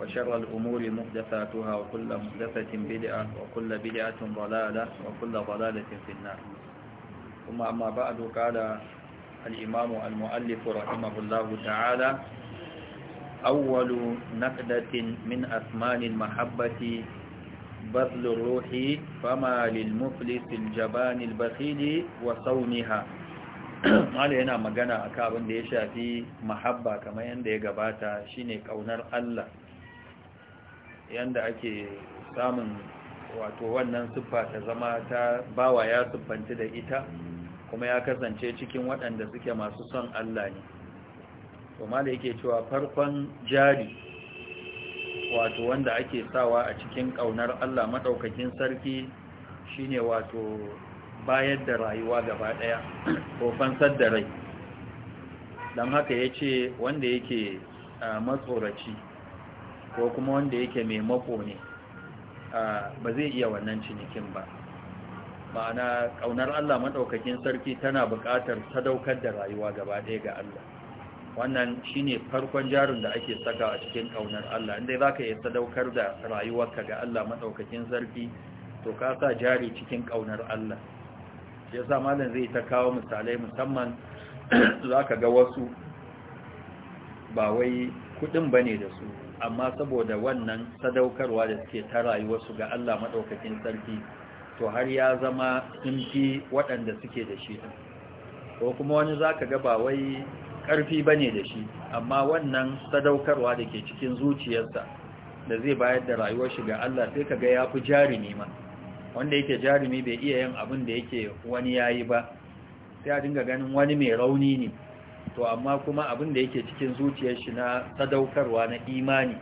وشر الأمور محدثاتها وكل محدثة بدعة وكل بدعة ضلالة وكل ضلالة في النار ثم أما بعد قال الإمام المؤلف رحمه الله تعالى أول نقدة من أثمان المحبة بذل الروح فما للمفلس الجبان البخيل وصونها mala yana magana a kabin da ya shafi mahabba kamar yadda ya gabata shine kaunar Allah yanda ake samun wato wannan siffa ta zama ta bawa ya siffanci da ita kuma ya kasance cikin waɗanda suke masu son Allah ne to da yake cewa farkon jari wato wanda ake sawa a cikin ƙaunar Allah maɗaukakin sarki shine wato bayar da rayuwa gaba ɗaya ko fansar da rai don haka ya ce wanda yake ah, matsoraci ko kuma wanda yake mai mako ne ba zai iya wannan cinikin ba ma'ana ƙaunar Allah maɗaukakin sarki tana buƙatar sadaukar da rayuwa gaba ɗaya ga Allah wannan shine farkon jarin da ake saka a cikin ƙaunar Allah inda za ka iya sadaukar da rayuwarka ga Allah maɗaukakin sarki to ka sa jari cikin ƙaunar Allah ya sa malam zai ta kawo misalai musamman za ka ga wasu ba wai kuɗin ba ne da su amma saboda wannan sadaukarwa da suke ta rayuwarsu ga Allah maɗaukakin sarki to har ya zama sun fi waɗanda suke da shi ko kuma wani za ka ba wai ƙarfi ba ne da shi amma wannan sadaukarwa da ke cikin zuciyarsa da zai bayar da rayuwar shi ga Allah sai ka ga ya fi jarumi ma wanda yake jarumi bai iya yin abin da yake wani ya yi ba sai a dinga ganin wani mai rauni ne to amma kuma abin da yake cikin zuciyar shi na sadaukarwa na imani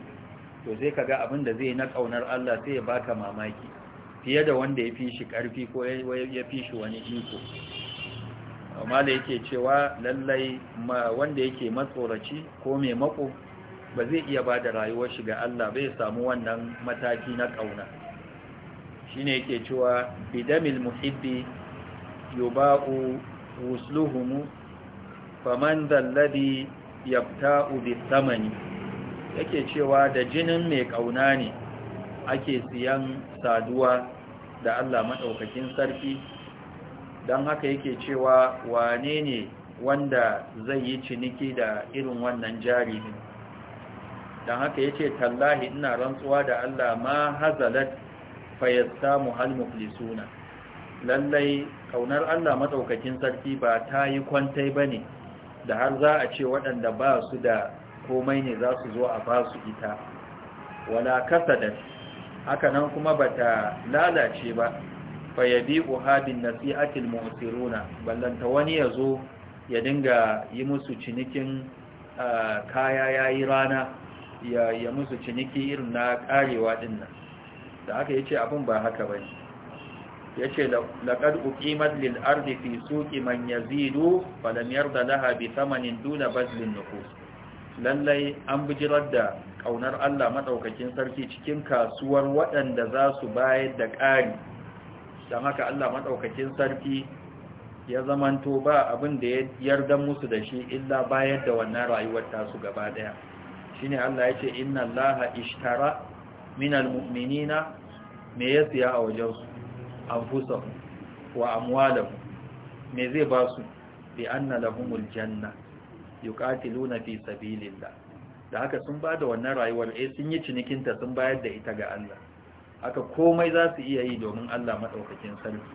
to zai kaga abin da zai na kaunar Allah sai ya baka mamaki fiye da wanda ya fi shi karfi ko ya fi shi wani iko amma da yake cewa lallai ma wanda yake matsoraci ko mai mako ba zai iya ba da rayuwar shi ga Allah bai samu wannan mataki na kauna shine yake cewa bidamil muhibbi yuba'u wusluhumu faman zalladi yabta'u bi samani yake cewa da jinin mai kauna ne ake siyan saduwa da Allah madaukakin sarki don haka yake cewa wane ne wanda zai yi ciniki da irin wannan jaririn don haka yace tallahi ina rantsuwa da Allah ma hazalat fayastamu hal muflisuna lallai kaunar Allah madaukakin sarki ba ta yi kwantai bane da har za a ce waɗanda ba su da komai ne za su zo a ba su ita wala da haka nan kuma ba ta lalace ba fayabi uhabin nasihatil mu'siruna ballanta wani ya zo ya dinga yi musu cinikin kaya yayi rana ya musu ciniki irin na karewa dinnan da haka yace abin ba haka bane yace ce, uqimat lil ardi fi suqi man yazidu falam da laha bi thamanin duna badlin nufus lallai an bijirar da ƙaunar Allah maɗaukakin sarki cikin kasuwar waɗanda za su bayar da ƙari don Allah maɗaukakin sarki ya zamanto ba abin da ya yarda musu da shi illa bayar da wannan rayuwar tasu gaba ɗaya. shine Allah yace inna Allaha ishtara minal mu'minina me ya siya a wajensu anfusahum wa amwalahum me zai ba su bi anna lahumul janna yuqatiluna fi sabilillah da haka sun ba da wannan rayuwar eh sun yi cinikinta sun bayar da ita ga Allah haka komai za su iya yi domin Allah madaukakin sarki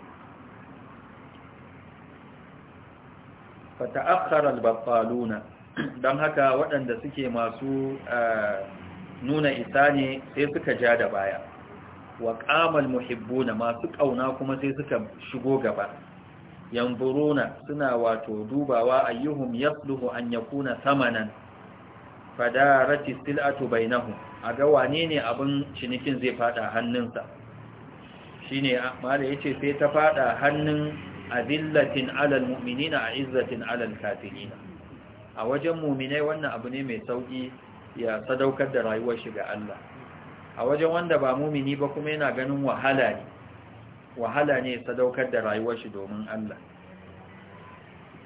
fata'akhkhara al-battaluna dan haka waɗanda suke masu eh, nuna isa ne sai suka ja da baya wa qamal muhibbuna masu ƙauna kuma sai suka shigo gaba yanzuruna suna wato dubawa ayyuhum yasluhu an yakuna samanan fadarati sil'atu bainahum aga wane ne abin cinikin zai fada hannunsa shine mala yace sai ta fada hannun azillatin alal mu'minina izzatin alal kafirina a wajen mu'minai wannan abu ne mai sauki ya sadaukar da rayuwar shi ga Allah a wajen wanda ba mumini ba kuma yana ganin wahala ne wahala ne sadaukar da rayuwar shi domin Allah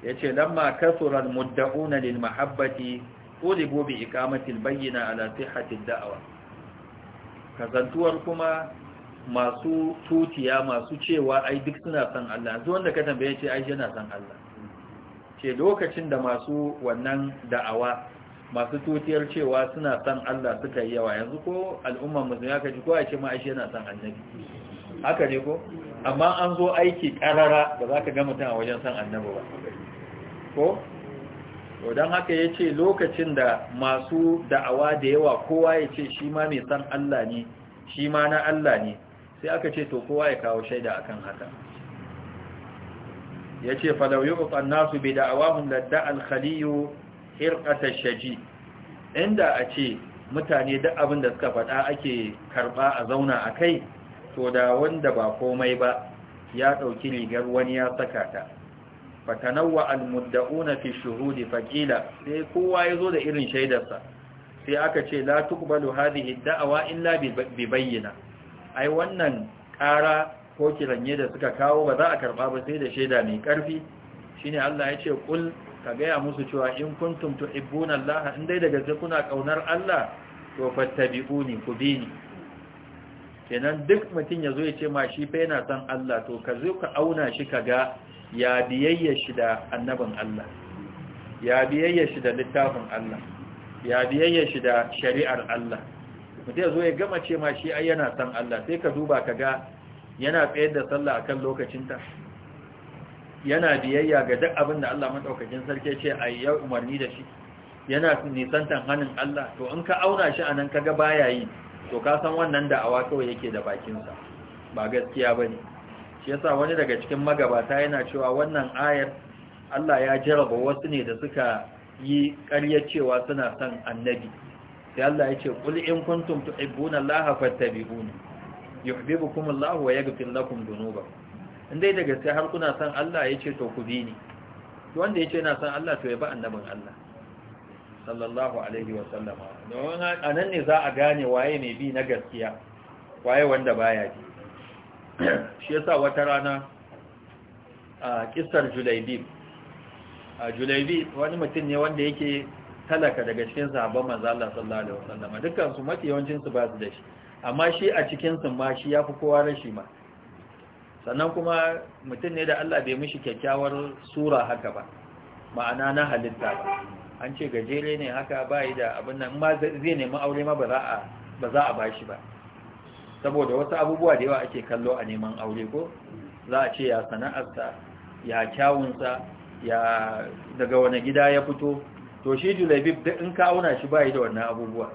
yace lamma kasura almudda'una lilmahabbati ulibu bi iqamati bayyina ala sihhati dawa kazantuwar kuma masu tutiya masu cewa ai duk suna san Allah yanzu wanda ka tambaye ce ai yana san Allah ce lokacin da masu wannan da'awa masu tutiyar cewa suna san Allah suka yi yawa yanzu ko al'ummar musulmi aka ji ko a ce ashe yana san annabi haka ne ko amma an zo aiki karara ba za ka ga mutum a wajen san annabi ba ko to don haka ya ce lokacin da masu da'awa da yawa kowa ya ce shi ma mai san Allah ne shi ma na Allah ne sai aka ce to kowa ya kawo shaida akan haka ya ce falau yi bai da da'al khaliyu hirqata shaji inda a ce mutane duk abin da suka faɗa ake karɓa a zauna a kai to da wanda ba komai ba ya ɗauki rigar wani ya saka ta fatanawa almudda'una fi shuhudi faqila sai kowa yazo da irin shaidarsa sai aka ce la tuqbalu hadhihi da'awa illa bi bayyina ai wannan ƙara ko kiranye da suka kawo ba za a karɓa ba sai da shaida mai ƙarfi shine Allah ya ce qul ka gaya musu cewa in kuntum tuhibbuna Allah in dai da gaske kuna kaunar Allah to fattabi'uni ku bi ni kenan duk mutum ya zo ya ce ma shi fa yana son Allah to ka zo ka auna shi ka ga ya biyayya shi da annabin Allah ya biyayya shi da littafin Allah ya biyayya shi da shari'ar Allah mutum yazo ya gama ce ma shi ai yana son Allah sai ka duba ka ga yana tsayar da sallah akan lokacinta yana biyayya ga duk abin da Allah madaukakin sarki ce a yi umarni da shi yana nisantan hannun Allah to in ka auna shi anan kaga baya yi to ka san wannan awa kawai yake da bakinsa ba gaskiya bane shi yasa wani daga cikin magabata yana cewa wannan ayar Allah ya jaraba wasu ne da suka yi ƙarya cewa suna son annabi sai Allah ya ce qul in kuntum tuhibbuna Allah fattabi'uni yuhibbukum Allah wa yaghfir lakum dhunubakum in dai da gaske har kuna son Allah ya ce to ku bi ni wanda ya ce yana son Allah to ya bi annabin Allah sallallahu alaihi wa sallama don a nan ne za a gane waye mai bi na gaskiya waye wanda baya bi shi yasa wata rana a kisar Julaibib a Julaibib wani mutum ne wanda yake talaka daga cikin sahabban manzo Allah sallallahu alaihi wasallam dukkan su mafi yawancin su ba su da shi amma shi a cikin su ma shi yafi kowa rashi ma sannan kuma mutum ne da Allah bai mishi kyakkyawar sura haka ba ma'ana na halitta ba an ce gajere ne haka yi da abin nan ma zai nemi aure ma ba za a ba shi ba saboda wasu abubuwa da yawa ake kallo a neman aure ko za a ce ya sana'arsa ya kyawunsa ya daga wani gida ya fito to shi julabib duk in ka auna shi bai da wannan abubuwa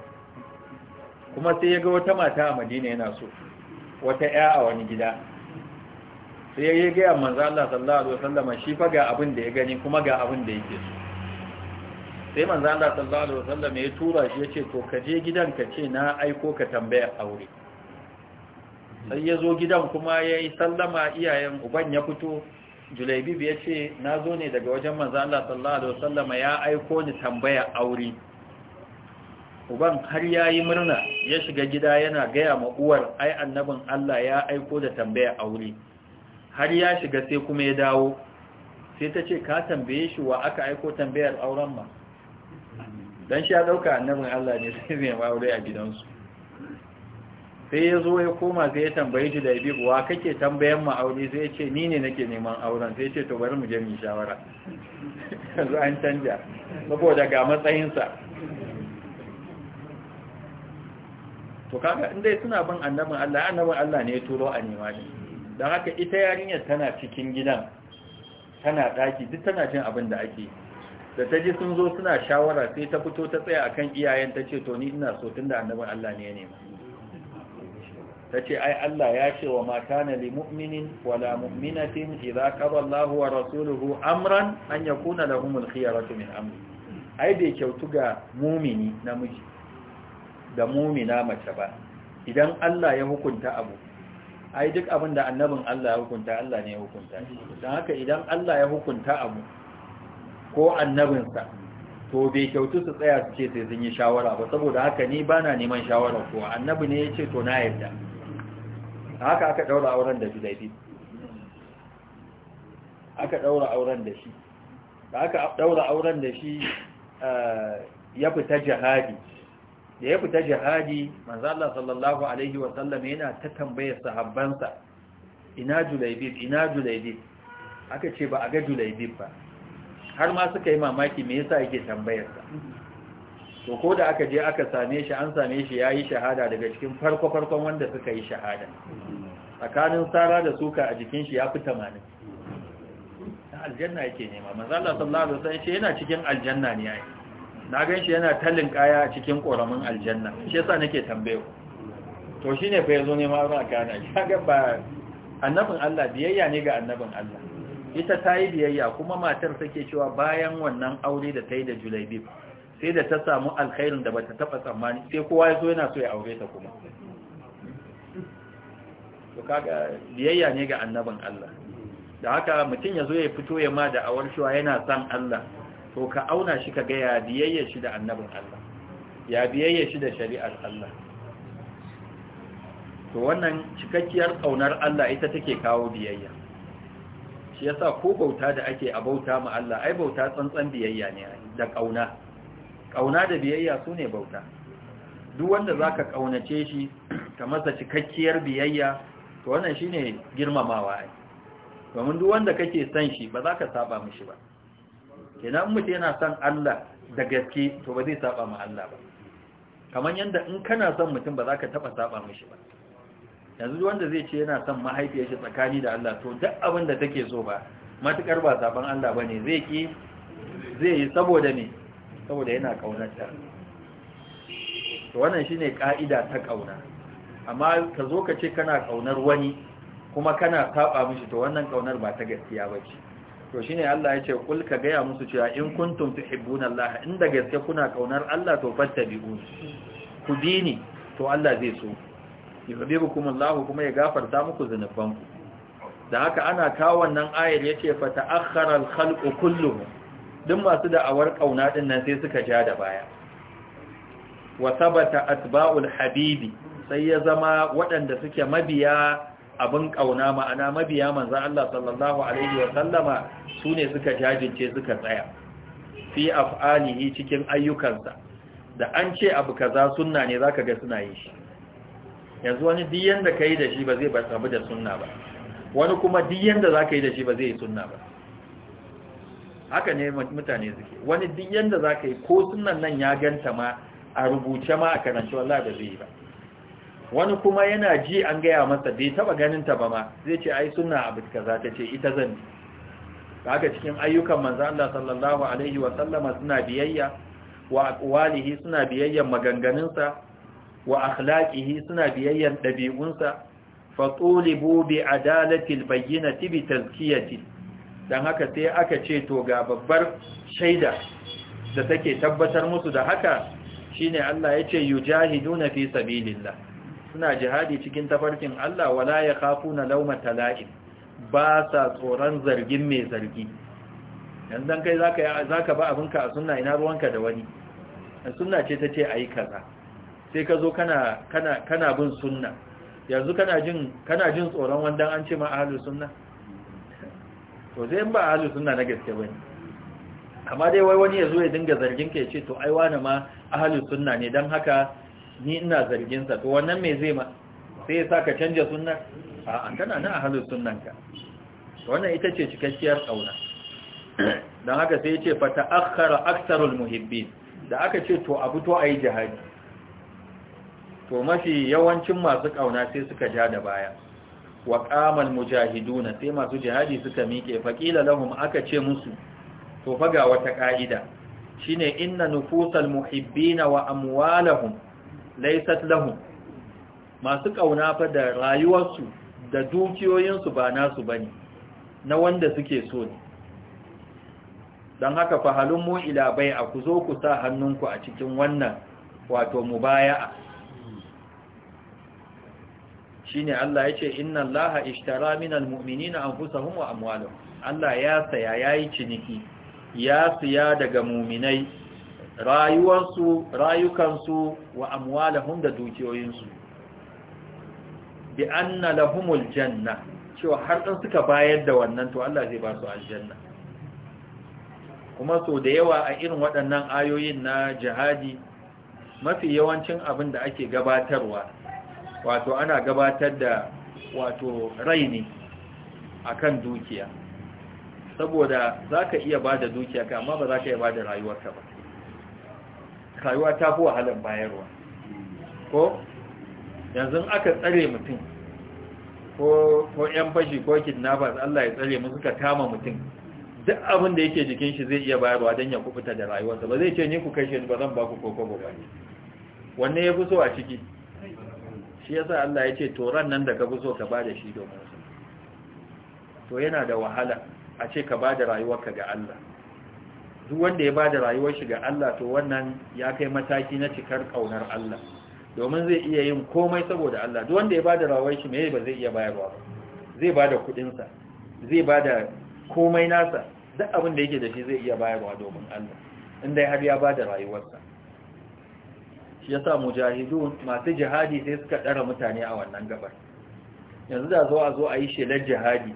kuma sai ya ga wata mata a madina yana so wata ya a wani gida sai ya yi gaya manzo Allah sallallahu alaihi wasallam shi fa ga abin da ya gani kuma ga abin da yake so sai manzo Allah sallallahu alaihi wasallam ya tura shi ya ce to ka je gidan ka ce na aiko ka tambaya aure sai ya zo gidan kuma ya yi sallama iyayen uban ya fito Julaibib ya ce na zo ne daga wajen manzo Allah sallallahu alaihi wasallam ya aiko ni tambaya aure uban har yayi murna ya shiga gida yana gaya ma uwar ai annabin Allah ya aiko da tambaya aure har ya shiga sai kuma ya dawo sai ta ce ka tambaye shi wa aka aiko tambayar auren ma don shi ya ɗauka annabin Allah ne sai zai aure a gidansu sai ya zo ya koma sai ya tambaye shi da ibi wa kake tambayan ma aure sai ya ce ni ne nake neman auren sai ya ce to bari mu je mu shawara yanzu an canja saboda ga matsayinsa to kaga indai suna bin annabin Allah annabin Allah ne ya turo a nema ne Da haka ita yarinyar tana cikin gidan tana ɗaki duk tana jin abin da ake da ta ji sun zo suna shawara sai ta fito ta tsaya akan iyayen ta ce to ni ina so tunda annabin Allah ne ya nema ta ce ai Allah ya ce wa mata na li mu'minin wala mu'minatin idza qada Allahu wa rasuluhu amran an yakuna lahumul khiyaratu min amri ai bai kyautu ga mumini namiji da mumina mace ba idan Allah ya hukunta abu ai duk abin da annabin Allah ya hukunta Allah ne ya hukunta don haka idan Allah ya hukunta abu ko annabinsa to bai kyautu su tsaya su ce sai sun yi shawara ba saboda haka ni ba na neman shawara kuwa, annabi ne ya ce to na yarda haka aka daura auren da Zulaibi aka daura auren da shi da aka daura auren da shi eh, ya fita jihadi da ya fita jihadi manzo Allah sallallahu alaihi wa sallam yana ta tambayar sahabbansa ina Julaibib ina Julaibib aka ce ba a ga Julaibib ba har ma suka yi mamaki me yasa yake tambayar sa to ko da aka je aka same shi an same shi yayi shahada daga cikin farko farkon wanda suka yi shahada tsakanin sara da suka a jikin shi ya fi 80 aljanna yake nema manzo Allah sallallahu alaihi wa sallam yana cikin aljanna ne yayi na gan shi yana tallin kaya a cikin ƙoramin aljanna shi yasa nake tambayo to shi ne fa ya zo ne auren a kana ya ga ba annabin Allah biyayya ne ga annabin Allah ita ta yi biyayya kuma matar take cewa bayan wannan aure da ta yi da julaibib sai da ta samu alkhairin da bata taba tsammani sai kowa ya zo yana so ya aure ta kuma biyayya ne ga annabin Allah da haka mutum ya zo ya fito ya ma da awar cewa yana san Allah to ka auna shi ka ga ya biyayya shi da annabin Allah ya biyayya shi da shari'ar Allah to wannan cikakkiyar kaunar Allah ita take kawo biyayya shi yasa ko bauta da ake a bauta ma Allah ai bauta tsantsan biyayya ne da kauna kauna da biyayya sune bauta duk wanda zaka kaunace shi ka masa cikakkiyar biyayya to wannan shine girmamawa ai domin duk wanda kake son shi ba za ka saba mishi ba kenan mutum yana son Allah da gaske to ba zai saba ma Allah ba kamar yanda in kana son mutum ba za ka taba saba mishi ba yanzu wanda zai ce yana son mahaifiyar shi tsakani da Allah to duk abin da take so ba matukar ba saban Allah bane zai ki zai yi saboda ne saboda yana kaunarta to wannan shine ka'ida ta kauna amma ka zo ka ce kana kaunar wani kuma kana saba mishi to wannan kaunar ba ta gaskiya bace to shine Allah ya ce kul ka gaya musu cewa in kuntum tuhibbuna Allah in da gaske kuna kaunar Allah to fattabi'u ku bi ni to Allah zai so yuhibbukum Allah kuma ya gafarta muku zanubanku da haka ana kawo wannan ayar yace fa ta'akhkhara al-khalqu kulluhum duk masu da'awar kauna din nan sai suka ja da baya wa sabata atba'ul habibi sai ya zama waɗanda suke mabiya abin ƙauna ma'ana mabiya manza Allah sallallahu alaihi wa sallama sune suka jajince suka tsaya fi af'alihi cikin ayyukansa da an ce abu kaza sunna ne zaka ga suna yi shi yanzu wani duk yanda kai da shi ba zai ba abu da sunna ba wani kuma duk yanda zaka yi da shi ba zai yi sunna ba haka ne mutane suke wani duk yanda zaka yi ko sunnan nan ya ganta ma a rubuce ma a karanta wallahi da zai yi ba wani kuma yana ji an gaya masa bai taba ganin ta ba ma zai ce ai sunna abu kaza ta ce ita zan haka cikin ayyukan manzo Allah sallallahu alaihi wa sallama suna biyayya wa aqwalihi suna biyayyan maganganunsa wa akhlaqihi suna biyayyan ɗabi'unsa fa tulibu bi adalati albayyinati bi tazkiyati dan haka sai aka ce to ga babbar shaida da take tabbatar musu da haka shine Allah yace yujahiduna fi sabilillah suna jihadi cikin tafarkin Allah wala ya na laumata tala'in ba sa tsoron zargin mai zargi yanzu dan kai za ka ba abinka a suna ina ruwanka da wani suna ce ta ce yi kaza sai ka zo kana bin suna. yanzu kana jin jin tsoron wanda an ce ma suna sunna to zai ba ahalu suna na gaske wani. amma dai wai wani ya zo ya dinga zargin ka ya ce to ai wani ma ahalu suna ne don haka ni ina zargin sa to wannan me zai ma sai ya saka canja sunnar a an kana nan ahlus sunnanka wannan ita ce cikakkiyar kauna dan haka sai ya ce fa ta'akhkhara aktsarul muhibbin da aka ce to abu to ayi jihadi to mafi yawancin masu kauna sai suka ja da baya wa qamal mujahiduna sai masu jihadi suka miƙe faqila lahum aka ce musu to fa ga wata ka'ida shine inna nufusal muhibbina wa amwalahum Laisat lahum masu kauna fa da rayuwarsu da dukiyoyinsu ba nasu bane na wanda suke so ne don haka fahalun mu ilabai a ku zo ku sa hannunku a cikin wannan wato mubaya'a shine Allah yace inna Allah ishtara minal mu'minina anfusahum wa amwalahum Allah ya saya yayi ciniki ya siya daga mu'minai rayuwansu rayukansu wa amwalahum da dukiyoyinsu bi anna lahumul janna cewa har dan suka bayar da wannan to Allah zai ba su aljanna kuma so da yawa a irin waɗannan ayoyin na jihadi mafi yawancin abin da ake gabatarwa wato ana gabatar da wato rai ne akan dukiya saboda zaka iya bada dukiya ka amma ba za ka iya ba da rayuwarka ba kayuwa ta fi wahalar bayarwa ko yanzu aka tsare mutum ko 'yan fashi ko kidnappers Allah ya tsare mu suka kama mutum duk abin da yake jikin shi zai iya bayarwa don ya kubuta da rayuwarsa ba zai ce ni ku kashe ba zan ba ku koko ba ne wanne ya fi so a ciki shi yasa Allah ya ce toran nan da ka fi so ka ba da shi domin su to yana da wahala a ce ka ba da rayuwarka ga Allah duk wanda ya bada rayuwar shi ga Allah to wannan ya kai mataki na cikar kaunar Allah domin zai iya yin komai saboda Allah duk wanda ya bada rayuwar shi meye ba zai iya bayarwa ba? zai bada kudin sa zai bada komai nasa duk abin da yake da shi zai iya bayarwa domin Allah indai har ya bada rayuwarsa shi yasa mujahidun masu jihadi sai suka dara mutane a wannan gabar yanzu da zo a zo a yi shelar jihadi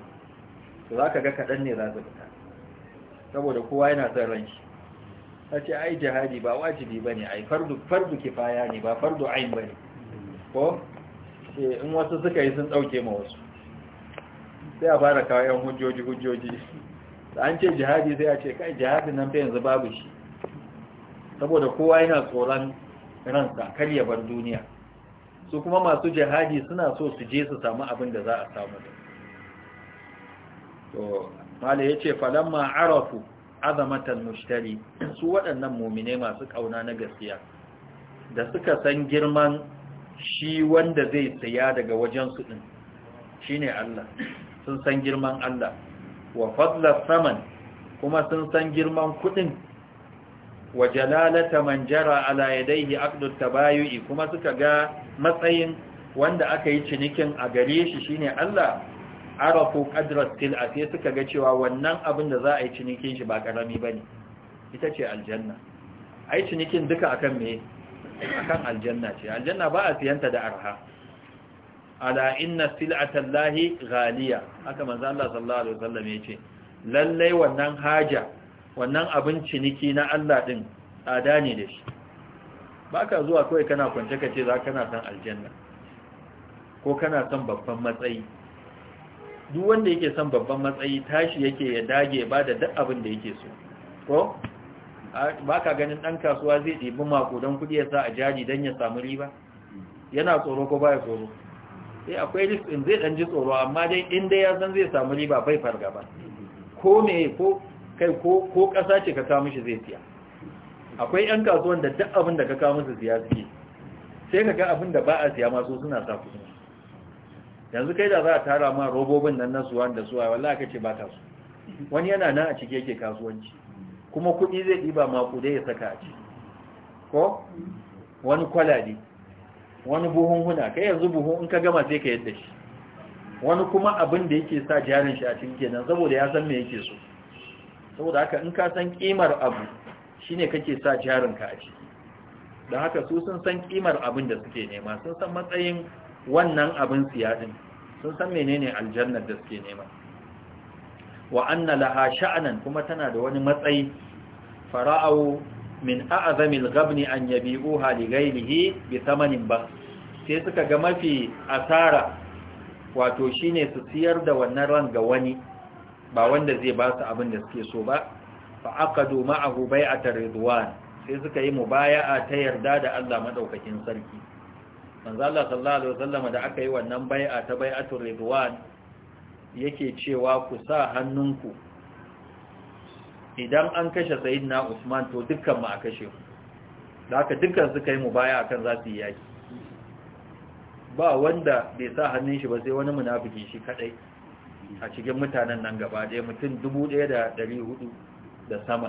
to zaka ga kadan ne za su fita saboda kowa yana son ran shi ce ai jihadi ba wajibi ba ne ai fardu kifaya ne ba fardu ayin ba ne ko eh, in wasu suka yi sun dauke ma wasu sai a fara kawo yan hujjoji hujjoji da an ce jihadi sai a ce kai jihadi nan fa yanzu babu shi saboda kowa yana tsoron ransa kar ya bar duniya su kuma masu jihadi suna so su je su samu abin da za a samu to malai ya ce falamma arafu azamatal mushtari su waɗannan mumine masu ƙauna na gaskiya da suka san girman shi wanda zai saya daga wajensu ɗin shi ne Allah sun san girman Allah wa fadlar saman kuma sun san girman kuɗin wa jalalata man jara ala yadaihi tabayu'i kuma suka ga matsayin wanda aka yi cinikin a gare shi shine Allah arafu qadrat sil'a sai suka ga cewa wannan abin da za a yi cinikin shi ba karami bane ita ce aljanna ai cinikin duka akan me akan aljanna ce aljanna ba a siyanta da arha ala inna sil'atan lahi ghaliya haka manzo Allah sallallahu alaihi wasallam yace lalle wannan haja wannan abin ciniki na Allah din tsada ne da shi baka zuwa kawai kana kwance kace za kana san aljanna ko kana san babban matsayi duk wanda yake son babban matsayi tashi yake ya dage ba da duk abin da yake so ko ba ka ganin 'dan kasuwa zai mako makudan kuɗi ya sa a jari don ya samu riba yana tsoro ko ba ya tsoro sai eh, akwai risk in zai ɗan ji tsoro amma dai in dai ya san zai samu riba bai fargaba ko me ko kai ko ko ƙasa ce ka kawo mishi zai siya akwai 'yan kasuwan da duk abin da ka kawo musu siya suke sai ka ga abin da ba a siya ma su suna sa kuɗi yanzu kai da za a tara ma robobin nan nasu wanda suwa wallahi kace ba ka su wani yana nan a cike yake kasuwanci kuma kuɗi zai ɗiba maƙudai ya saka a ciki ko wani kwalabe wani buhun-buhun huna kai yanzu buhun in ka gama sai ka yadda shi wani kuma abin da yake sa jarin shi a cikin kenan saboda ya san me yake so saboda haka in ka san kimar abu shine kake sa jarin ka a ciki don haka su sun san kimar abin da suke nema sun san matsayin wannan abin siya sun san menene aljannar da suke nema wa anna laha sha'anan kuma tana da wani matsayi fara'u min a'zamil gabni an yabi'uha li ghayrihi bi thamanin ba sai suka ga mafi asara wato shine su siyar da wannan ran ga wani ba wanda zai ba su abin da suke so ba fa aqadu ma'ahu bai'atar ridwan sai suka yi mubaya'a ta yarda da Allah madaukakin sarki manzo Allah sallallahu alaihi wasallam da aka yi wannan bai'a ta bai'atul ridwan yake cewa ku sa hannunku idan an kashe sayyidina Usman to dukkan mu a kashe ku da aka dukkan suka yi mubaya akan za su yi yaki ba wanda bai sa hannun shi ba sai wani munafiki shi kadai a cikin mutanen nan gaba ɗaya mutum 1400 da sama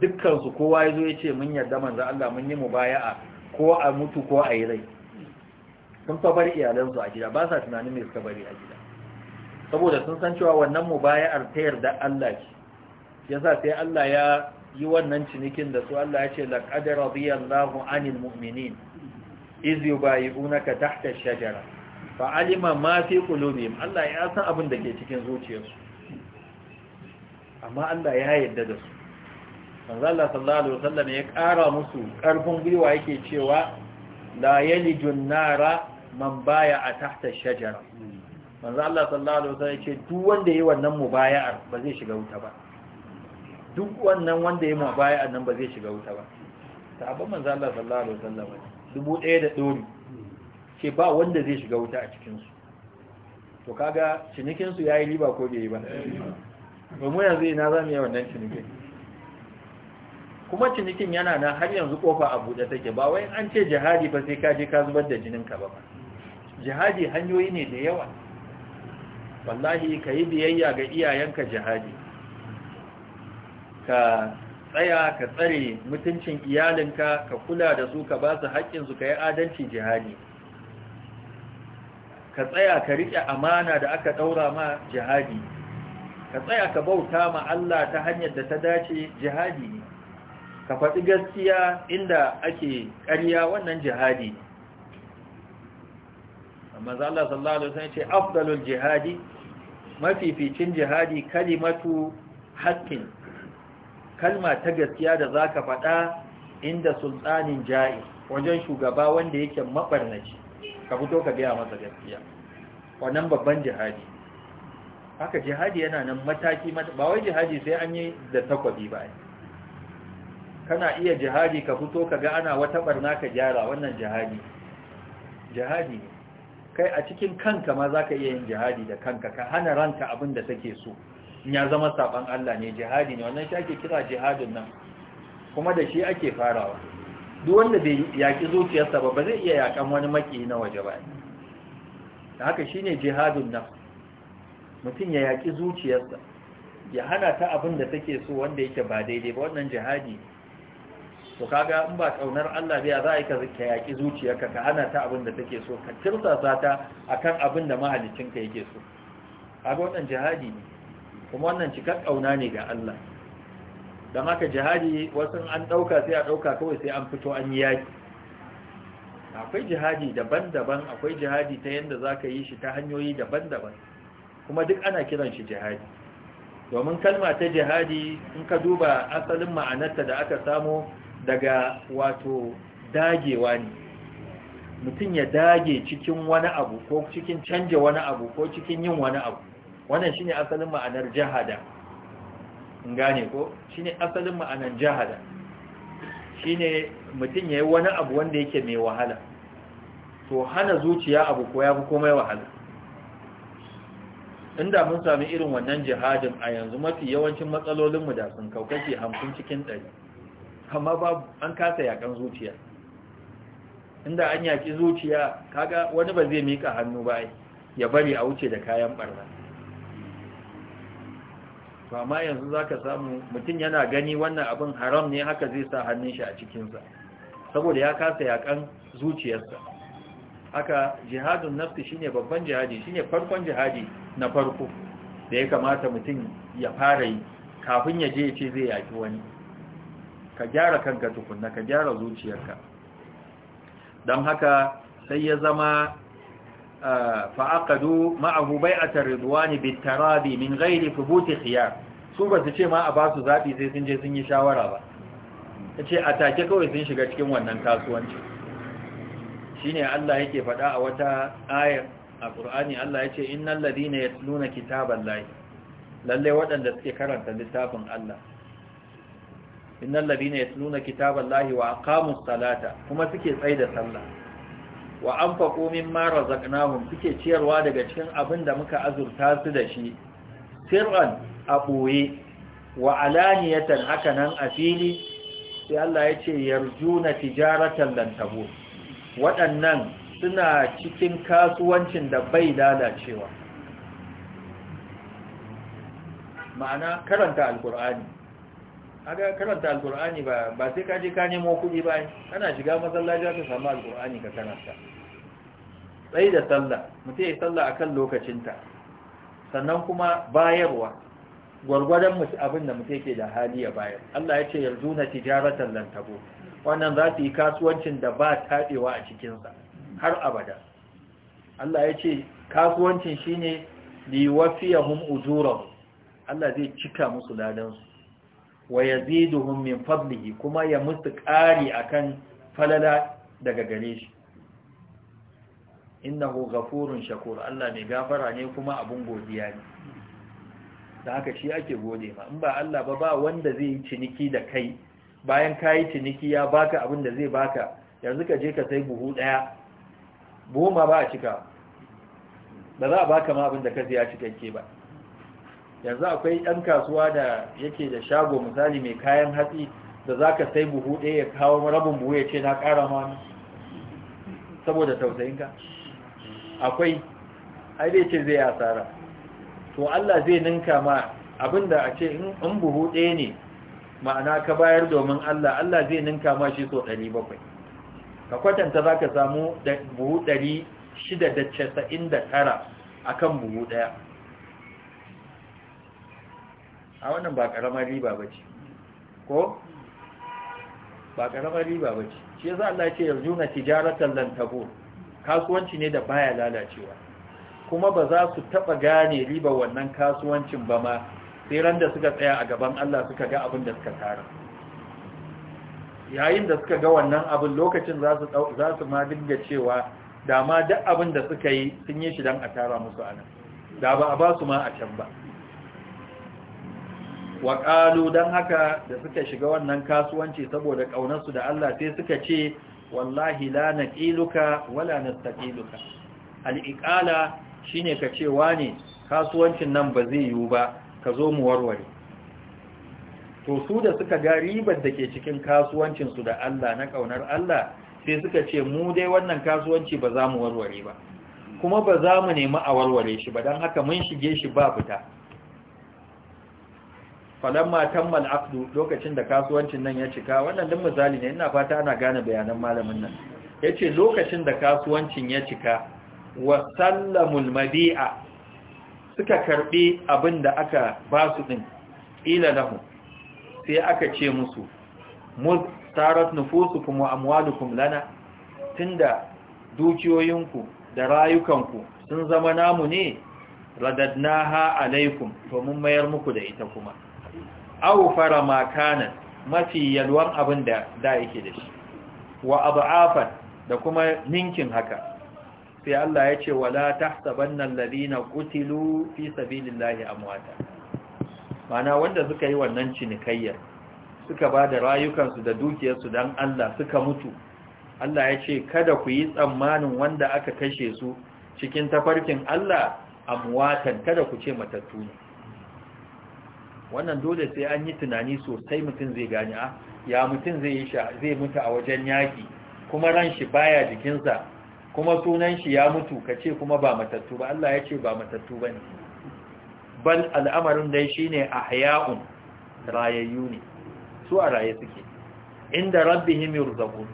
dukkansu kowa yazo zo ya ce mun yarda manzo Allah mun yi mubaya'a ko a mutu ko a yi rai sun fabar iyalansu a gida ba sa tunanin me suka bari a gida saboda sun san cewa wannan baya, ta yarda Allah ce yasa sai Allah ya yi wannan cinikin da su Allah ya ce laqad radiyallahu anil mu'minin iz yubayi'unaka tahta ash-shajara fa alima ma fi qulubihim Allah ya san abin da ke cikin zuciyarsu amma Allah ya yarda da su manzo Allah sallallahu alaihi wasallam ya ƙara musu karfin gwiwa yake cewa la yalijun nara man baya a tahta shajara manzo Allah sallallahu alaihi wasallam yace duk wanda yayi wannan mubayar ba zai shiga wuta ba duk wannan wanda yayi mubayar nan ba zai shiga wuta ba sahabban manzo Allah sallallahu alaihi wasallam dubu ɗaya da dori ce ba wanda zai shiga wuta a cikin su to kaga cinikin su yayi riba ko bai yi ba ba mu yanzu ina zamu yi wannan cinikin kuma cinikin yana nan har yanzu kofa a buɗe take ba wai an ce jihadi ba sai ka je ka zubar da jinin ka ba ba jihadi hanyoyi ne da yawa wallahi ka yi biyayya ga iyayenka jihadi ka tsaya ka tsare mutuncin iyalinka ka kula da su ka ba su haƙƙinsu ka yi adalci jihadi ka tsaya ka riƙe amana da aka ɗaura ma jihadi ka tsaya ka bauta ma Allah ta hanyar da ta dace jihadi ka faɗi gaskiya inda ake ƙarya wannan jihadi ne amma Allah sallallahu alaihi wasallam ce afdalul jihadi mafificin jihadi kalimatu haqqin kalma ta gaskiya da zaka faɗa inda sultanin ja'i wajen shugaba wanda yake mabarnaci ka fito ka gaya masa gaskiya wannan babban jihadi haka jihadi yana nan mataki ba wai jihadi sai an yi da takwabi ba kana iya jihadi ka fito ka ga ana wata barna ka gyara wannan jihadi jihadi ne kai a cikin kanka ma za ka iya yin jihadi da kanka ka hana ranka abin da take so ya zama saban Allah ne jihadi ne wannan shi ake kira jihadin nan kuma da shi ake farawa duk wanda bai yaƙi zuciyarsa ba ba zai iya yaƙan wani maki na waje ba da haka shi ne jihadin nan mutum ya yaƙi zuciyarsa ya hana ta abin da take so wanda yake ba daidai ba wannan jihadi ne to kaga in ba kaunar Allah biya za a yi ka yaki zuciyarka ka hana ta abin da take so ka tirsa ta akan abin da ka yake so kaga wannan jihadi ne kuma wannan cikar kauna ne ga Allah don haka jihadi wasu an dauka sai a dauka kawai sai an fito an yi yaki akwai jihadi daban-daban akwai jihadi ta yanda zaka yi shi ta hanyoyi daban-daban kuma duk ana kiran shi jihadi domin kalma ta jihadi in ka duba asalin ma'anarta da aka samo daga wato dagewa ne mutum ya dage cikin wani abu ko cikin canja wani abu ko cikin yin wani abu wannan shine asalin ma'anar jahada gane ko shine asalin ma'anar jahada shine mutum yayi wani abu wanda yake mai wahala to hana zuciya abu ko ya fi komai wahala inda mun sami irin wannan jihadin a yanzu mafi yawancin matsalolinmu da sun kaukace hamsin cikin ɗari. kama babu an kasa yakan zuciya inda an yaki zuciya kaga wani ba zai mika hannu ba ya bari a wuce da kayan barna to amma yanzu zaka samu mutum yana gani wannan abin haram ne haka zai sa hannun shi a cikinsa saboda ya kasa yakan zuciyarsa haka jihadun nafsi shine babban jihadi shine farkon jihadi na farko da ya kamata mutum ya fara yi kafin ya je ya ce zai yaki wani ka gyara kanka tukunna ka gyara zuciyarka don haka sai ya zama fa'aqadu ma'ahu bai'atar ridwani bitarabi min ghairi fubuti khiyar su ba su ce ma a ba su zaɓi sai sun je sun yi shawara ba ta ce a take kawai sun shiga cikin wannan kasuwanci shine Allah yake faɗa a wata ayar a ƙur'ani Allah ya ce innal ladina yatluna kitaballahi lalle waɗanda suke karanta littafin Allah innal ladina yatluna kitaballahi wa aqamus salata kuma suke tsaida sallah wa anfaqu mimma razaqnahum suke ciyarwa daga cikin abin da muka azurta su da shi sirran a boye wa alaniyatan hakanan a fili sai Allah ya ce yarjuna tijaratan lan tabu waɗannan suna cikin kasuwancin da bai lalacewa ma'ana karanta alkur'ani aga karanta alkur'ani ba ba sai ka je ka nemo kuɗi ba kana shiga masallaci ka samu alkur'ani ka karanta Sai da sallah mutai sallah akan lokacinta sannan kuma bayarwa gwargwadon abin da mutai ke da hali ya bayar Allah ya ce yanzu na tijaratan lan tabo wannan za su yi kasuwancin da ba tadewa a sa har abada Allah ya ce kasuwancin shine liwafiyahum ujurahum Allah zai cika musu ladansu wa yaziduhum min fadlihi kuma ya musu ƙari akan falala daga gare shi innahu ghafurun shakur Allah mai gafara ne kuma abun godiya ne da haka shi ake gode ma in ba Allah ba ba wanda zai yi ciniki da kai bayan kayi ciniki ya baka abin da zai baka yanzu ka je ka sai buhu ɗaya. buhu ma ba a cika ba za a baka ma abin da ka sai ya cikakke ba yanzu akwai ɗan kasuwa da yake da shago misali mai kayan hatsi da za ka sai buhu ɗaya ya kawo rabin buhu ya ce na ƙara mana. saboda tausayinka akwai ai zai ce zai asara to Allah zai ninka ma abinda a ce in buhu ɗaya ne ma'ana ka bayar domin Allah Allah zai ninka ma shi so 700 ka kwatanta za ka samu buhu 699 akan buhu ɗaya a wannan ba karamar riba ba ce ko ba karamar riba ba ce shi yasa Allah ce yanzu na tijaratan lan kasuwanci ne da baya lalacewa kuma ba za su taba gane riba wannan kasuwancin ba ma sai ran da suka tsaya a gaban Allah suka ga abin da suka tara yayin da suka ga wannan abin lokacin za su ma dinga cewa da ma duk abin da suka yi sun yi shi dan a tara musu anan da ba a ba su ma a can ba wa ƙalu don haka da suka shiga wannan kasuwanci saboda ƙaunarsu da Allah sai suka ce wallahi la na ƙiluka wala na taƙiluka al'iƙala shi ka cewa ne kasuwancin nan ba zai yiwu ba ka zo mu warware to su da suka ga ribar da ke cikin kasuwancinsu da Allah na ƙaunar Allah sai suka ce mu dai wannan kasuwanci ba za mu warware ba kuma ba za mu nemi a warware shi ba don haka mun shige shi ba fita falamma tammal aqdu lokacin da kasuwancin nan ya cika wannan din misali ne ina fata ana gane bayanan malamin nan yace lokacin da kasuwancin ya cika wa sallamul mabi'a suka karbi abinda aka ba su din ila lahu sai aka ce musu muz tarat nufusukum wa amwalukum lana tunda dukiyoyinku da rayukanku sun zama namu ne radadnaha alaikum to mun mayar muku da ita kuma aw ma mafi yalwan abin da da yake da shi wa ad'afan da kuma ninkin haka sai Allah ya ce wala tahsabanna alladhina qutilu fi sabilillahi amwata mana wanda suka yi wannan cinikayyar suka ba da rayukansu da dukiyarsu dan Allah suka mutu Allah ya ce kada ku yi tsammanin wanda aka kashe su cikin tafarkin Allah amwatan kada ku ce matattu ne wannan dole sai an yi tunani sosai mutum zai gani a ah, ya mutum zai zai mutu a wajen yaki kuma ran shi baya jikinsa kuma sunan shi ya mutu Ka ce kuma ba matattu ba Allah ya ce ba matattu bane bal al'amarin dai shine haya'un rayayyu ne su a raye suke inda himir yurzaqun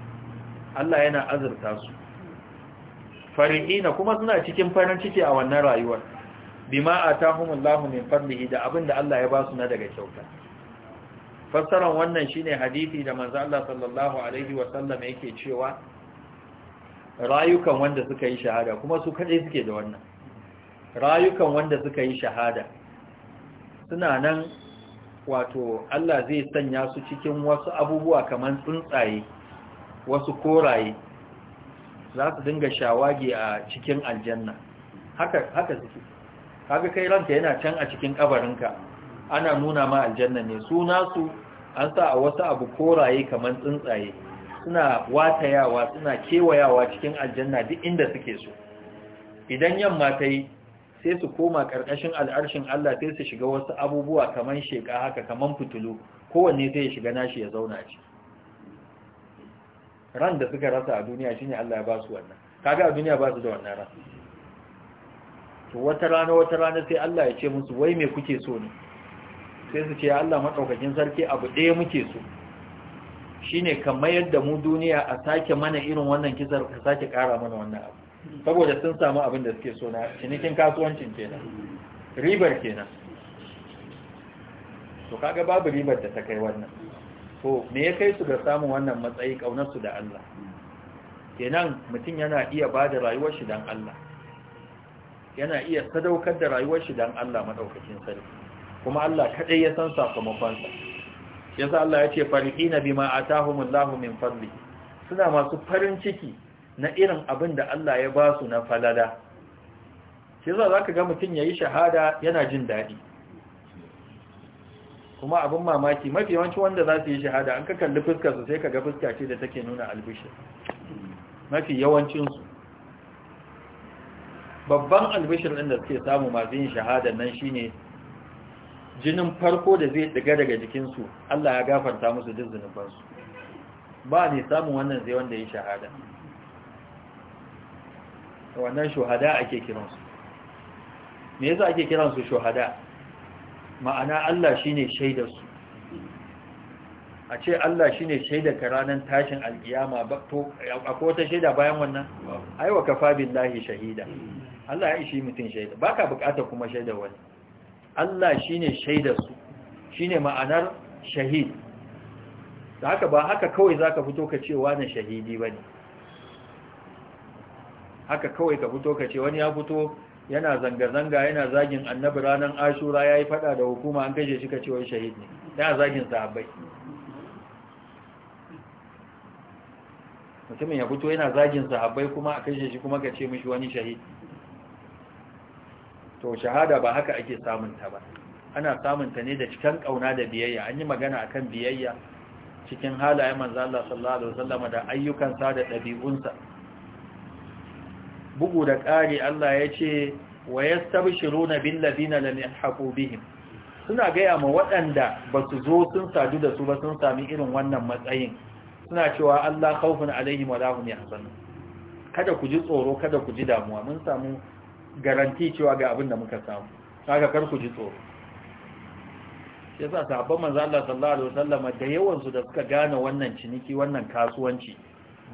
Allah yana azurta su fari'ina kuma suna cikin farin ciki a wannan rayuwar bima atahumullahu min fadlihi da abinda Allah ya ba su na daga kyauta fassaran wannan shine hadisi da manzo Allah sallallahu alaihi wa sallam yake cewa rayukan wanda suka yi shahada kuma su kadai suke da wannan rayukan wanda suka yi shahada suna nan wato Allah zai sanya su cikin wasu abubuwa kamar tsuntsaye wasu koraye za su dinga shawagi a cikin aljanna haka haka suke kaga kai ranka yana can a cikin kabarinka ana nuna ma aljanna ne su an sa a wasu abu koraye kamar tsuntsaye suna watayawa suna kewayawa cikin aljanna duk inda suke so idan yamma ta yi sai su koma ƙarƙashin al'arshin Allah sai su shiga wasu abubuwa kamar sheƙa haka kamar fitulu kowanne zai shiga nashi ya zauna shi ran da suka rasa a duniya shine Allah ya ba su wannan kaga a duniya ba su da wannan ran to wata rana wata rana sai Allah ya ce musu wai me kuke so ne sai su ce Allah madaukakin sarki abu ɗaya muke so shine ka mayar da mu duniya a sake mana irin wannan kisar ka sake ƙara mana wannan abu saboda sun samu abin da suke so na cinikin kasuwancin kenan ribar kenan to kaga babu ribar da ta kai wannan to me ya kai su ga samun wannan matsayi kaunar su da Allah kenan mutum yana iya bada rayuwar shi dan Allah yana iya sadaukar da rayuwar shi dan Allah madaukakin sarki kuma Allah kadai ya san sakamakon sa yasa Allah ya ce farihina bima atahumullahu min fadli suna masu farin ciki na irin abin da Allah ya ba su na falala shi yasa zaka ga mutun yayi shahada yana jin dadi kuma abin mamaki mafi yawanci wanda za su yi shahada an ka kalli fuskarsu sai ka ga fuska ce da take nuna albishir mafi yawancinsu babban albishir ɗin da suke samu masu yin shahadar nan shine jinin farko da zai ɗiga daga jikinsu Allah ya gafarta musu duk zunubansu ba ne samun wannan zai wanda ya shahada wannan shuhada ake kiransu me yasa ake kiransu shuhada ma'ana Allah shine shaidarsu a ce Allah shine shaida ka ranar tashin alkiyama to akwai wata shaida bayan wannan aiwa kafa billahi shahida Allah ya ishi mutum shaida ba ka bukatar kuma shaida wani Allah shi ne shaidarsu shi ne ma'anar shahid da haka ba haka kawai za ka fito ka ce wani shahidi ba ne haka kawai ka fito ka ce wani ya fito yana zanga-zanga yana zagin annabi ranar ashura ya yi fada da hukuma an kashe shi ka ce wani shahid ne yana zagin sahabbai mutumin ya fito yana zagin sahabbai kuma a kashe shi kuma ka ce mishi wani shahid to shahada ba haka ake samunta ba ana samunta ne da cikin kauna da biyayya an yi magana akan biyayya cikin halayen manzo Allah sallallahu alaihi wasallam da ayyukansa da ɗabi'unsa bugu da ƙari Allah ya ce wa yastabshiruna bil ladina lam yahqu bihim suna gaya ma waɗanda ba su zo sun sadu da su ba sun sami irin wannan matsayin suna cewa Allah khawfun alaihim wa lahum yahzanun kada ku ji tsoro kada ku ji damuwa mun samu garanti cewa ga abin da muka samu haka kar ku ji tsoro shi yasa sahabban manzo Allah sallallahu alaihi wasallam da yawan su da suka gane wannan ciniki wannan kasuwanci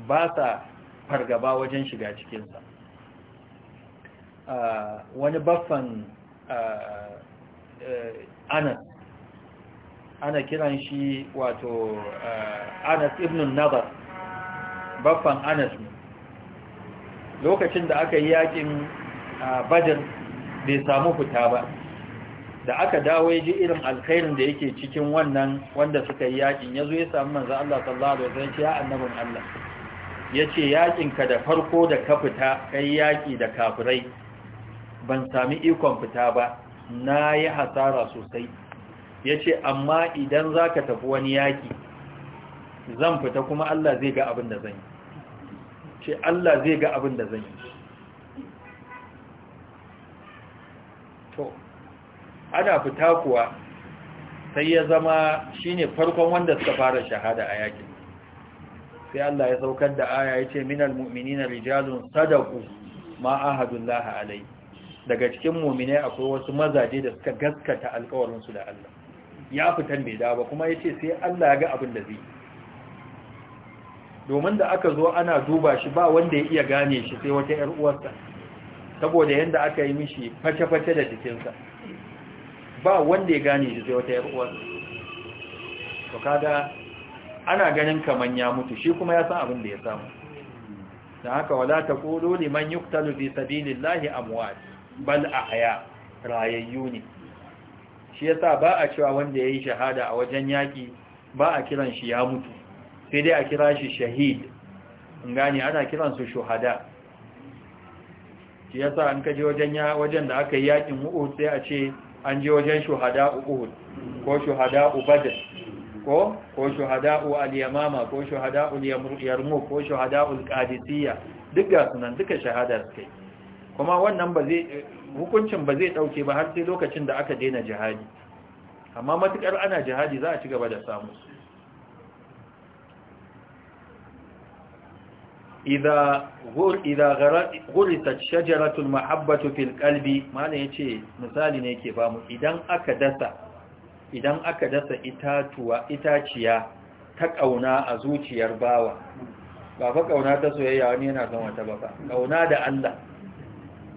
ba sa fargaba wajen shiga cikin sa ah, wani baffan ah, eh, Anas ana kiran shi wato ah, Anas ibn Nadar baffan Anas ne lokacin da aka yi yakin a bajin bai samu fita ba da aka dawo yaje ji irin alkhairin da yake cikin wannan wanda suka yi yakin yazo ya samu manzo Allah sallallahu alaihi wasallam ya annabin Allah ya ce ka da farko da ka fita kai yaki da kafirai ban sami ikon fita ba na yi hasara sosai ya amma idan zaka tafi wani yaki zan fita kuma Allah zai ga abin da zan yi ce Allah zai ga abin da zan yi to ana fita kuwa sai ya zama shine farkon wanda suka fara shahada a yakin sai Allah ya saukar da aya yace minal mu'minina rijalun sadaqu ma ahadullah alai daga cikin mu'minai akwai wasu mazaje da suka gaskata alƙawarin su da Allah ya fitan bai da ba kuma yace sai Allah ya ga abin da zai domin da aka zo ana duba shi ba wanda ya iya gane shi sai wata 'yar uwarsa saboda yadda aka yi mishi fashe-fashe da jikinsa ba wanda ya gane shi sai wata yarwar to kaga ana ganin kamar ya mutu shi kuma ya san abin da ya samu da haka wala kudu liman yuqtalu fi sabilillahi amwat bal a haya rayayyu ne shi ya sa ba a cewa wanda ya yi shahada a wajen yaƙi ba a kiran shi ya mutu sai dai a kira shi shahid in gane ana kiransu su shuhada shi yasa an kaje wajen ya wajen da aka yi yakin Uhud sai a ce an je wajen Shuhada Uhud ko Shuhada Badr ko ko shuhada al-Yamama ko Shuhada al-Yarmouk ko Shuhada al-Qadisiyya duk sunan duka shahadar kai kuma wannan ba zai hukuncin ba zai dauke ba har sai lokacin da aka daina jihadi amma matukar ana jihadi za a ci gaba da samu idha ghur idha ghurisat shajaratul mahabbatu fil qalbi mana yace misali ne yake bamu idan aka dasa idan aka dasa itatuwa itaciya ta kauna a zuciyar bawa ba fa kauna ta soyayya wani yana son wata ba kauna da Allah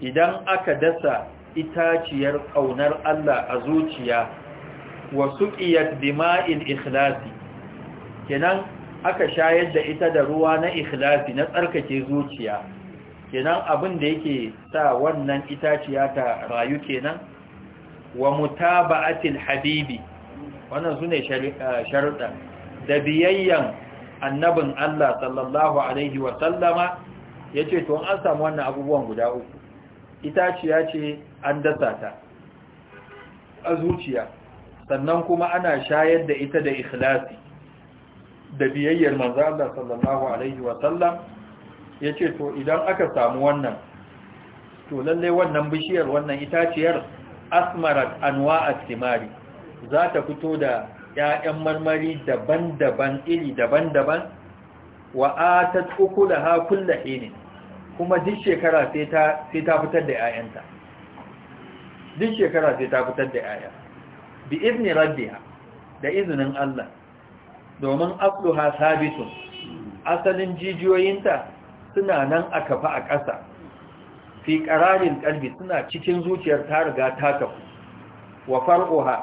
idan aka dasa itaciyar kaunar Allah a zuciya wa suqiyat bima'il ikhlasi kenan aka shayar da ita da ruwa na ikhlasi na tsarkake zuciya kenan abin da yake sa wannan itaciya ta rayu kenan wa mutaba'atil habibi wannan sune eh, sharuɗa da biyayyan annabin Allah sallallahu alaihi wa sallama yace to an samu wannan abubuwan guda uku itaciya ce an dasa ta a zuciya sannan kuma ana shayar da ita da ikhlasi da biyayyar manzo Allah sallallahu alaihi wa sallam yace to idan aka samu wannan to lalle wannan bishiyar wannan itaciyar asmarat anwa'at timari za ta fito da ƴaƴan marmari daban-daban iri daban-daban wa atat ukulaha kullu kuma duk shekara sai ta sai ta fitar da ƴaƴanta duk shekara sai ta fitar da ƴaƴa bi izni rabbiha da izinin Allah domin asluha sabitun asalin jijiyoyinta suna nan a kafa a ƙasa fi ƙararin ƙalbi suna cikin zuciyar ta riga ta kafu wa far'uha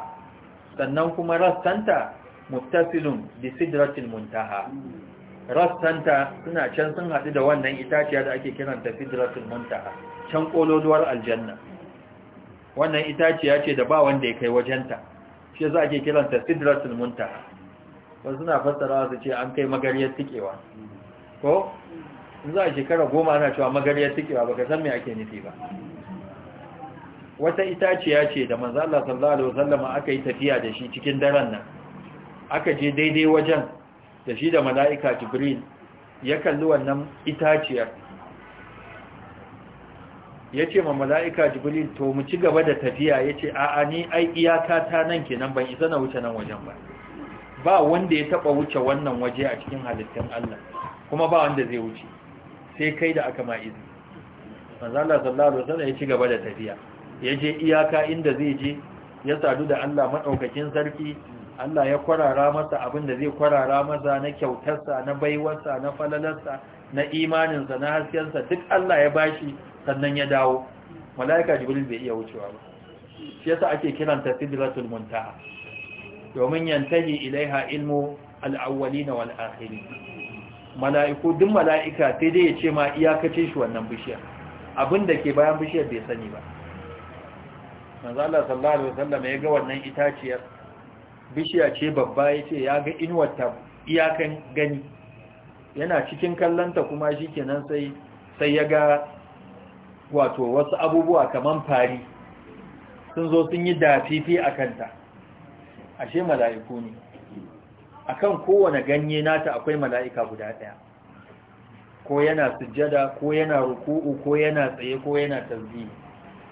sannan kuma rassanta muttasilun bi sidratil muntaha rassanta suna can sun haɗu da wannan itaciya da ake kiranta sidratul muntaha can ƙololuwar aljanna wannan itaciya ce da ba wanda ya kai wajenta shi yasa ake kiranta sidratul muntaha wasu na fassarawa su ce an kai magariyar tikewa ko in za a shekara goma ana cewa magariyar tikewa ka san me ake nufi ba wata itaciya ce da manzo Allah sallallahu alaihi wasallama aka yi tafiya da shi cikin daren nan aka je daidai wajen da shi da mala'ika jibril ya kalli wannan itaciyar ya ce ma mala'ika jibril to mu ci gaba da tafiya ya ce a'a ni ai iyaka ta nan kenan ban isa na wuce nan wajen ba ba wanda ya taba wuce wannan waje a cikin halittun Allah kuma ba wanda zai wuce sai kai da aka maizi izini manzo Allah sallallahu alaihi wasallam ya ci gaba da tafiya ya je iyaka inda zai je ya sadu da Allah maɗaukakin sarki Allah ya kwarara masa abin da zai kwarara masa na kyautarsa na baiwarsa na falalarsa na imaninsa na haskensa duk Allah ya bashi sannan ya dawo mala'ika jibril bai iya wucewa ba shi yasa ake kiranta sidratul muntaha domin yantahi ilaiha ilmu al'awwalina na akhirin mala'iku duk mala'ika sai dai ya ce ma iyakacin shi wannan bishiyar abin da ke bayan bishiyar bai sani ba maza Allah sallallahu alaihi wasallam ya ga wannan itaciyar bishiya ce babba ya ce ya ga inuwarta iyakan gani yana cikin kallonta kuma shi kenan sai sai ya ga wato wasu abubuwa kamar fari sun zo sun yi dafifi a kanta ashe mala'iku ne akan kowane ganye nata akwai mala'ika guda ɗaya ko yana sujjada ko yana ruku'u ko yana tsaye ko yana Iya,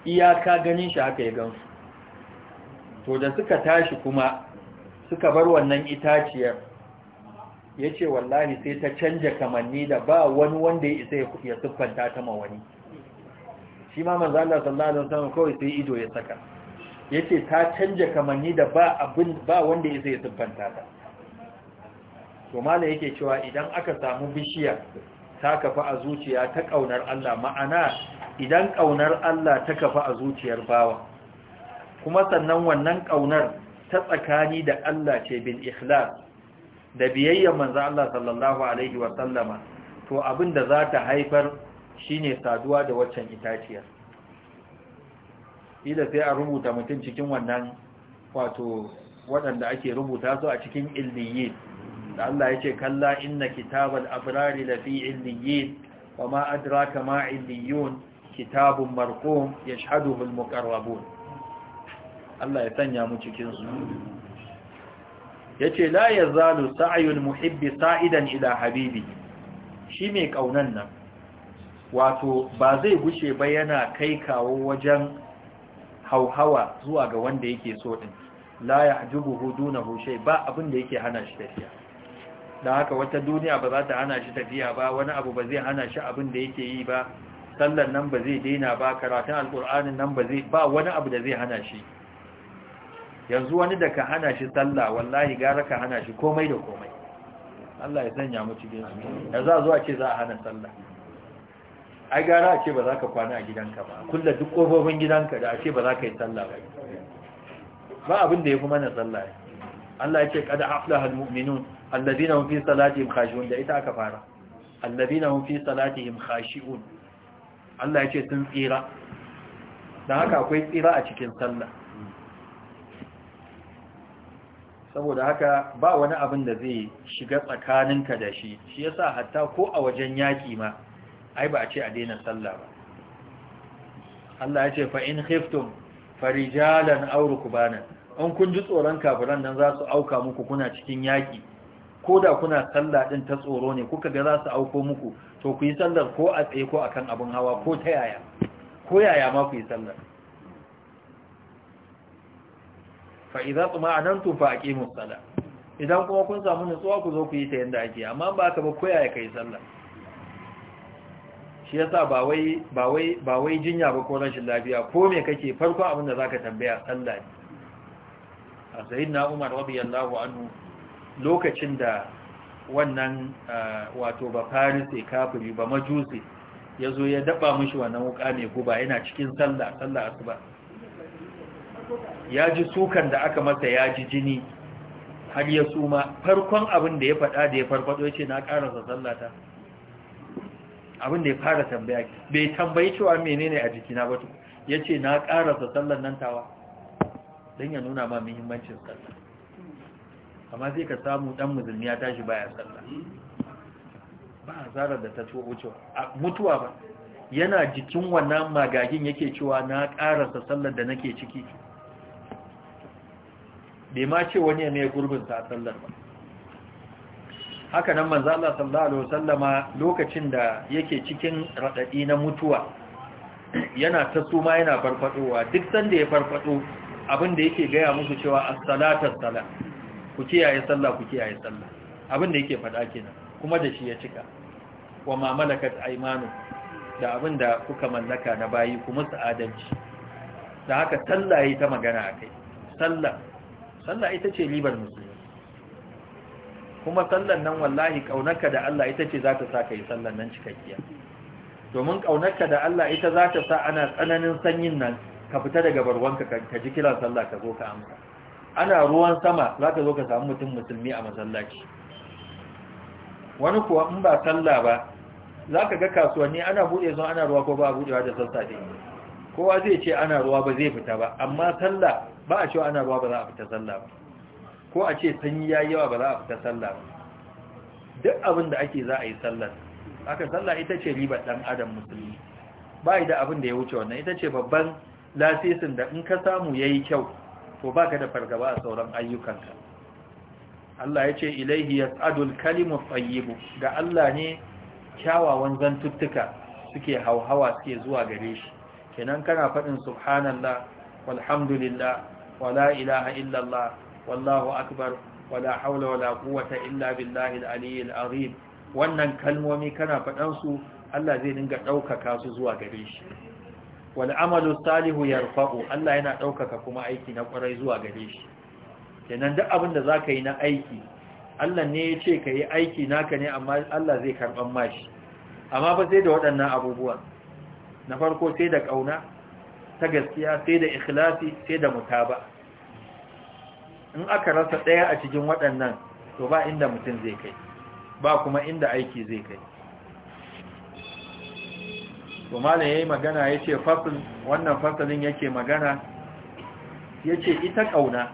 iyaka ganin shi haka ya gansu to da suka tashi kuma suka bar wannan itaciyar ya ce wallahi sai ta canja kamanni da ba wani wanda ya isa ya siffanta ta ma wani shi ma manzo Allah sallallahu alaihi kawai sai ido ya saka Ya ce ta canja kamanni da ba abin ba wanda ya zai siffanta ta to malai yake cewa idan aka samu bishiya ta kafa a zuciya ta kaunar Allah ma'ana idan kaunar Allah ta kafa a zuciyar bawa kuma sannan wannan kaunar ta tsakani da Allah ce bil ikhlas da biyayya manzo Allah sallallahu alaihi wa sallama to abin da za ta haifar shine saduwa da waccan itaciyar ila sai a rubuta mutum cikin wannan wato waɗanda ake rubuta su a cikin illiyin da Allah ya ce kalla inna kitabal abrari lafi illiyin wa ma adraka ma illiyun kitabun marqum yashhaduhu almuqarrabun Allah ya sanya mu cikin su yace la yazalu sa'yul muhibbi sa'idan ila habibi shi mai kaunan nan wato ba zai gushe ba yana kai kawo wajen hauhawa zuwa ga wanda yake so din la yahjubuhu dunahu shay ba abin da yake hana shi tafiya dan haka wata duniya ba za ta hana shi tafiya ba wani abu ba zai hana shi abin da yake yi ba sallar nan ba zai daina ba karatun alkur'anin nan ba zai ba wani abu da zai hana shi yanzu wani da ka hana shi sallah wallahi gara ka hana shi komai da komai Allah ya sanya mu cikin amin yanzu a zuwa ce za a hana sallah ai gara a ce ba za ka kwana a gidanka ba kulla duk ƙofofin gidanka da a ce ba za ka yi sallah ba ba abin da ya fi mana sallah Allah ya ce kada aflahal mu'minun allazina hum fi salatihim khashi'un da ita aka fara allazina hum fi salatihim khashi'un Allah ya ce sun tsira dan haka akwai tsira a cikin sallah saboda haka ba wani abin da zai shiga tsakaninka da shi shi yasa hatta ko a wajen yaki ma ai ba a ce a daina sallah ba Allah ya ce fa in khiftum farijalan aw rukbanan in kun ji tsoron kafiran nan za su auka muku kuna cikin yaki ko da kuna sallah din ta tsoro ne kuka ga za su auko muku to ku yi sallar ko a tsaye ko akan abin hawa ko ta yaya ko yaya ma ku yi sallar fa idza tuma'anantum fa aqimus salah idan kuma kun samu nutsuwa ku zo ku yi ta yanda ake amma ba ka ba ko yaya kai sallah shi yasa ba ba wai jinya ba ko rashin lafiya ko me kake farko abin da zaka tambaya sallah ne a na Umar radiyallahu anhu lokacin da wannan eh, wato ba farise kafiri ba majusi ya zo ya daba mishi wannan wuka mai guba yana cikin sallah sallah asuba ya ji sukan da aka masa ya ji jini har ya suma farkon abin da ya faɗa da ya farfaɗo ya ce na ƙarasa sallata abin da ya fara tambaya bai tambayi cewa menene a jikina ba to yace na karasa sallar nan tawa dan ya nuna ma muhimmancin sallah amma sai ka samu dan musulmi ya tashi baya sallah ba zarar da ta tuwo cewa mutuwa ba yana jikin wannan magagin yake cewa na karasa sallar da nake ciki bai ma ce wani ya mai gurbin sa sallar ba haka nan manzo Allah sallallahu alaihi wasallama lokacin da yake cikin radadi na mutuwa yana ta suma yana farfadowa duk sanda ya farfado abin da yake gaya musu cewa as-salatu as-sala ku kiyaye sallah ku kiyaye sallah abin da yake fada kenan kuma da shi ya cika wa ma malakat aymanu da abin da kuka mallaka na bayi ku musu adalci da haka sallah yi ta magana akai sallah sallah ita ce libar musulmi kuma sallan nan wallahi kaunarka da Allah ita ce za ta sa ka yi sallan nan cikakkiya domin kaunarka da Allah ita za ta sa ana tsananin sanyin nan ka fita daga barwanka ka ji kiran sallah ka zo ka amsa ana ruwan sama za ka zo ka samu mutum musulmi a masallaci wani kuwa in ba sallah ba za ka ga kasuwanni ana buɗe zuwa ana ruwa ko ba a buɗewa da sassafe kowa zai ce ana ruwa ba zai fita ba amma sallah ba a cewa ana ruwa ba za a fita sallah ba ko a ce sanyi ya yi yawa ba za a fita sallah ba, duk abin da ake za a yi sallar aka sallah ita ce ribar dan adam musulmi ba da abin da ya wuce wannan ita ce babban lasisin da in ka samu ya yi kyau ko ba ka da fargaba a sauran ayyukanka Allah ya ce ilaihi ya tsadul kalimu fayyibu ga Allah ne kyawawan zantuttuka suke hauhawa suke zuwa gare shi kenan kana faɗin subhanallah walhamdulillah wala ilaha illallah wallahu akbar wala haula wala quwwata illa billahi al-aliyyil wannan kalmomi kana faɗan su Allah zai dinga ɗaukaka su zuwa gare shi wal amalu salihu yarfa'u Allah yana ɗaukaka kuma aiki na ƙwarai zuwa gare shi kenan duk abin da zaka yi na aiki Allah ne ya ce ka yi aiki naka ne amma Allah zai karɓan mashi amma ba sai da waɗannan abubuwan na farko sai da ƙauna ta gaskiya sai da ikhlasi sai da mutaba in aka rasa ɗaya a cikin waɗannan to ba inda mutum zai kai ba kuma inda aiki zai kai to malam yayi magana yace fasl wannan fasalin yake magana yace ita kauna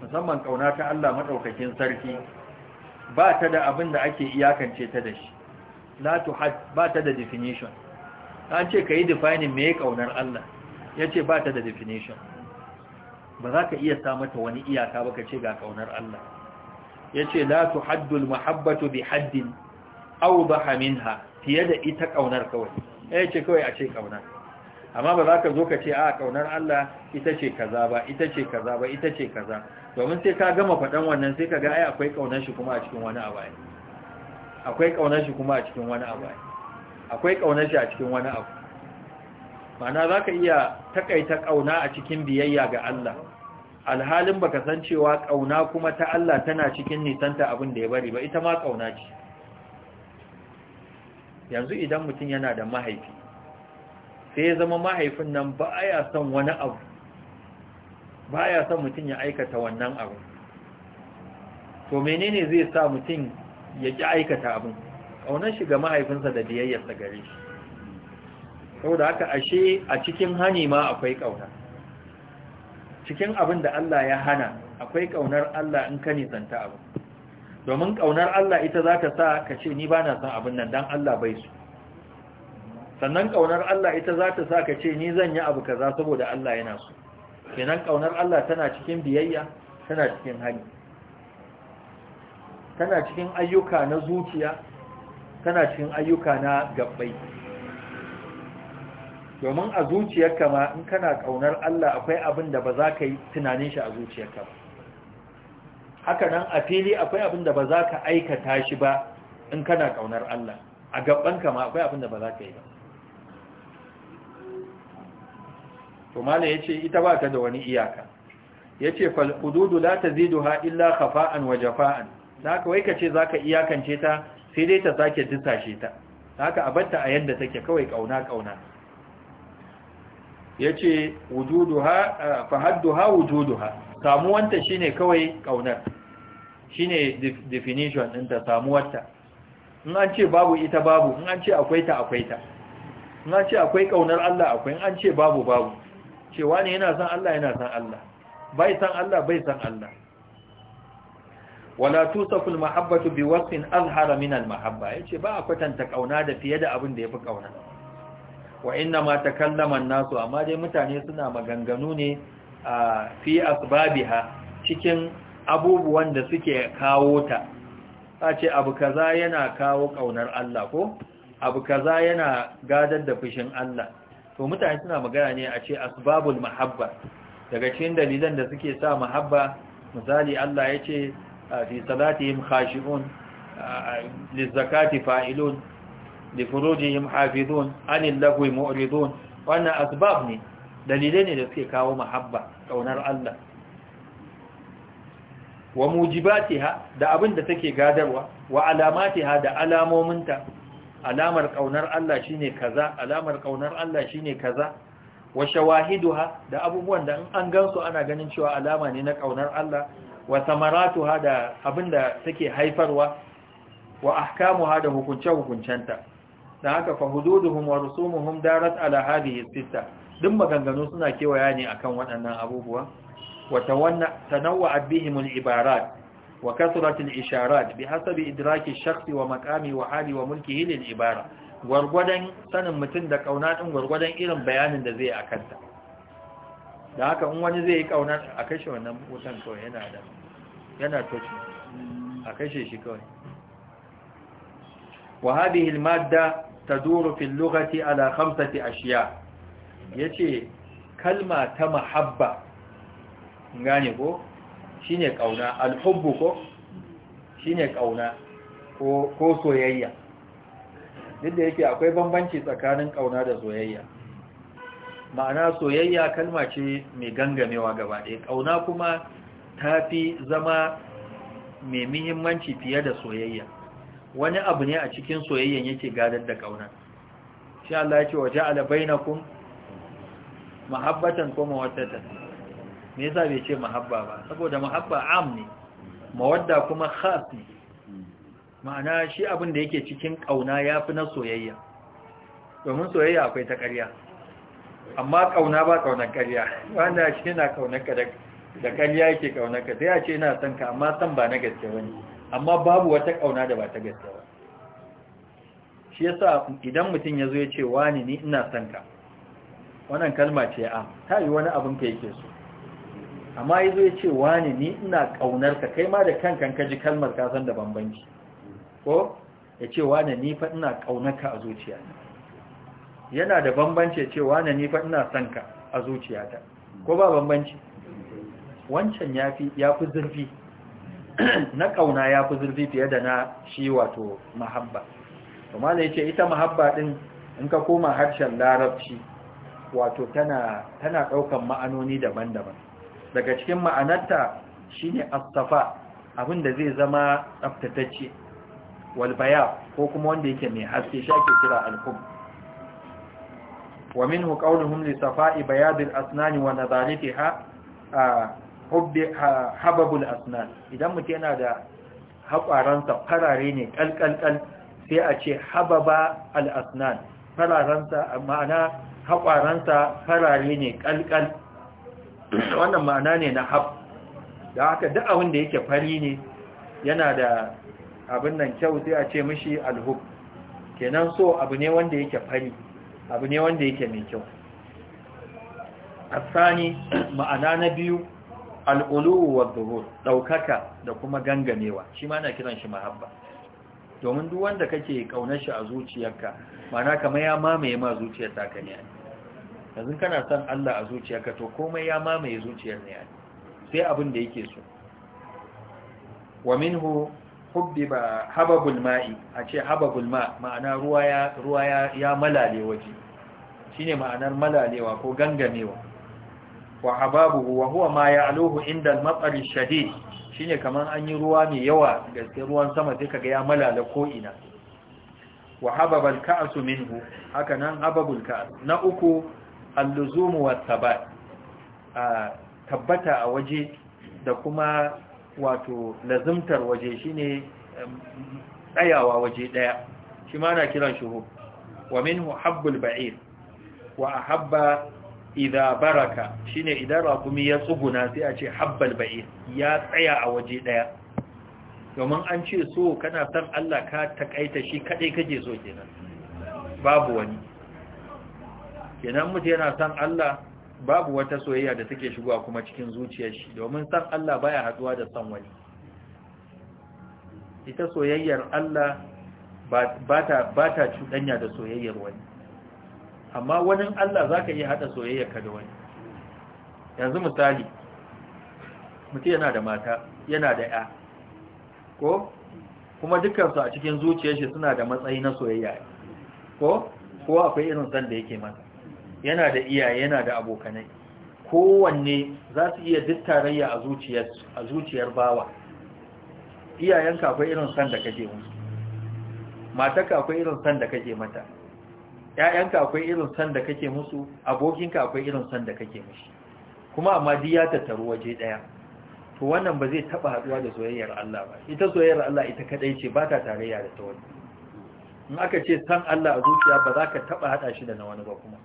musamman kauna ta Allah madaukakin sarki ba ta da abin da ake iyakance ta da shi la tuhad ba ta da definition an ce kai defining me kaunar Allah yace ba ta da definition ba za ka iya sa mata wani iyaka ba ka ce ga kaunar Allah ya ce la tu haddul mahabbatu bi haddin au baha minha fiye da ita kaunar kawai ya ce kawai a ce kauna amma ba za ka zo ka ce a kaunar Allah ita ce kaza ba ita ce kaza ba ita ce kaza domin sai ka gama faɗan wannan sai ka ga ai akwai kaunar shi kuma a cikin wani abu akwai kaunar shi kuma a cikin wani abu akwai kaunar shi a cikin wani abu Ma'ana za ka iya takaita ƙauna a cikin biyayya ga Allah alhalin baka san cewa kauna kuma ta Allah tana cikin nisanta abin da ya bari ba ita ma kauna ce yanzu idan mutum yana da mahaifi sai ya zama mahaifin nan ba ya son wani abu ba ya son mutum ya aikata wannan abu to menene zai sa mutum ya ki aikata abin kaunar shi ga mahaifinsa da biyayyarsa gare shi sau da haka ashe a cikin hani ma akwai ƙauna cikin abin da Allah ya hana akwai kaunar Allah in ka nisanta abu domin ƙaunar Allah ita za ta sa ka ce ni ba na son abin nan don Allah bai su sannan ƙaunar Allah ita za ta sa ka ce ni zan yi abu kaza saboda Allah yana so kenan ƙaunar Allah tana cikin biyayya tana cikin hali tana cikin ayyuka na zuciya tana cikin ayyuka na gabbai domin a zuciyarka ma in kana kaunar Allah akwai abin da ba za ka yi tunanin shi a zuciyarka ba haka nan a fili akwai abin da ba za ka aikata shi ba in kana kaunar Allah a gabanka ma akwai abin da ba za ka yi ba to mala yace ce ita ba ta da wani iyaka ya ce hududu la ta illa khafa'an wa jafa'an da haka wai ka ce za ka iyakance ta sai dai ta sake dusashe ta haka abarta a yanda take kawai ƙauna ƙauna yace wujuduha eh, fahadduha wujuduha samuwanta shine kawai kaunar shine definition ɗinta samuwarta in an ce babu ita babu in an ce akwai ta akwai ta in an ce akwai kaunar Allah akwai in an ce babu babu cewa ne yana san Allah yana san Allah bai san Allah bai san Allah wala tusaful mahabbatu bi wasfin azhara min al mahabba yace ba a kwatanta kauna da fiye da abin da yafi kauna wa inna ma takallaman nasu amma dai mutane suna maganganu ne a fi asbabiha cikin abubuwan da suke kawo ta a ce abu kaza yana kawo kaunar Allah ko abu kaza yana gadar da fushin Allah to mutane suna magana ne a ce asbabul mahabba daga cikin dalilan da suke sa mahabba misali Allah ya ce fi salatihim khashi'un lizakati fa'ilun لفروجهم حافظون anin اللغو معرضون wannan asbab ne dalilai ne da suke kawo mahabba ƙaunar Allah wa mujibatiha da abin da take gadarwa wa alamatiha da alamominta alamar ƙaunar Allah shine kaza alamar ƙaunar Allah shine kaza wa shawahiduha da abubuwan da an gansu ana ganin cewa alama ne na ƙaunar Allah wa samaratuha da abin da take haifarwa wa ahkamuha da hukunce hukuncenta da haka fa hududuhum wa rusumuhum darat ala hadhihi sitta din maganganu suna kewaya ne akan waɗannan abubuwa wa tawanna tanawwa'at bihim al-ibarat wa kasrat al-isharat hasabi idraki ash-shakhsi wa maqami wa hali wa mulkihi lil-ibara gwargwadon sanin mutum da kauna din gwargwadon irin bayanin da zai akan ta da haka in wani zai yi kauna a kashe wannan wutan to yana da yana toci a kashe shi kawai wa hadhihi al-madda تدور في اللغة على خمسة yace kalma ta mahabba ngane ko shine kauna alhubbu ko shine kauna ko ko soyayya duk da yake akwai bambanci tsakanin kauna da soyayya ma'ana soyayya kalma ce mai gangamewa gaba ɗaya kauna kuma tafi zama mai muhimmanci fiye da soyayya wani abu ne a cikin soyayyen yake gadar da kauna shi Allah ya ce waje ala bainakum mahabbatan ko mawaddatan me yasa bai ce mahabba ba saboda mahabba am ne mawadda kuma khas ne ma'ana shi abin da yake cikin kauna yafi na soyayya domin soyayya akwai ta ƙarya amma kauna ba kaunar ƙarya wanda shi yana kaunar ka da ƙarya yake kaunar ka sai a ce ina son ka amma san ba na gaske bane amma babu wata ƙauna da ba ta gaske ba shi yasa idan mutum ya zo ya ce wani ni ina son ka wannan kalma ce a ta yi wani abin ka yake so amma ya zo ya ce wani ni ina ƙaunar ka kai ma da kankan ka ji kalmar ka san da bambanci ko ya ce wani ni fa ina ƙaunar ka a zuciya yana da bambanci ya ce wani ni fa ina son ka a zuciyata ko ba bambanci wancan ya fi zurfi na ƙauna ya fi zurfi fiye da na shi wato mahabba kuma da yace ita mahabba din in ka koma harshen larabci wato tana ɗaukan ma'anoni daban-daban daga cikin ma'anarta shi shine astafa abinda zai zama tsaftatacce walbaya, ko kuma wanda yake mai haske shi ake kira al wa minhu qawluhum li safa'i bayad al wa hubbi hababul asnan idan mutum yana da haƙwaransa farare ne kalkalkal sai a ce hababa al asnan fararansa ma'ana haƙwaransa farare ne kalkal wannan ma'ana ne na hab da haka duk abin da yake fari ne yana da abin nan kyau sai a ce mishi alhub kenan so abu ne wanda yake fari abu ne wanda yake mai kyau asani ma'ana na biyu al'ulu wa zuhur ɗaukaka da kuma gangamewa shi ma na kiran shi mahabba domin duk wanda kake kauna shi a zuciyarka mana kamar ya mamaye ma zuciyar ta kane yanzu kana son Allah a zuciyarka to komai ya mamaye zuciyar ne sai abin da yake so wa minhu hubbiba hababul ma'i a ce hababul ma ma'ana ruwa ya ruwa ya malale waje shine ma'anar malalewa ko gangamewa wa hababuhu wa huwa ma ya'luhu inda al-matar shadid shine kaman an yi ruwa mai yawa gaske ruwan sama sai kaga ya malala ko ina wa hababal ka'su minhu haka nan na uku al-luzum wa a tabbata a waje da kuma wato lazimtar waje shine tsayawa waje daya shi ma ana kiran shuhu wa minhu habbul ba'ir wa ahabba idza baraka shine idan rakumi ya tsuguna sai a ce habbal ba'ir ya tsaya a waje daya domin an ce so kana san Allah ka takaita shi kadai kake so kenan babu wani kenan yana san Allah babu wata soyayya da take shigowa kuma cikin zuciyar shi domin san Allah baya haduwa da san wani ita soyayyar Allah ba ba ta cuɗanya da soyayyar wani amma wani Allah za ka iya haɗa soyayyarka da wani yanzu misali mutum yana da mata yana da ya ko kuma dukansu a cikin zuciya shi suna da matsayi na soyayya ko ko akwai irin san da yake mata yana da iyaye yana da abokanai kowanne za su iya duk tarayya a zuciyar bawa iyayenka akwai irin san da kake musu matarka akwai irin san da kake mata ƴaƴanka akwai irin san da kake musu abokinka akwai irin san da kake mishi kuma amma duk ya tattaru waje ɗaya, to wannan ba zai taɓa haɗuwa da soyayyar Allah ba ita soyayyar Allah ita kaɗai ce ba ta tarayya da ta wani in aka ce san Allah a zuciya ba za ka taɓa haɗa shi da na wani ba kuma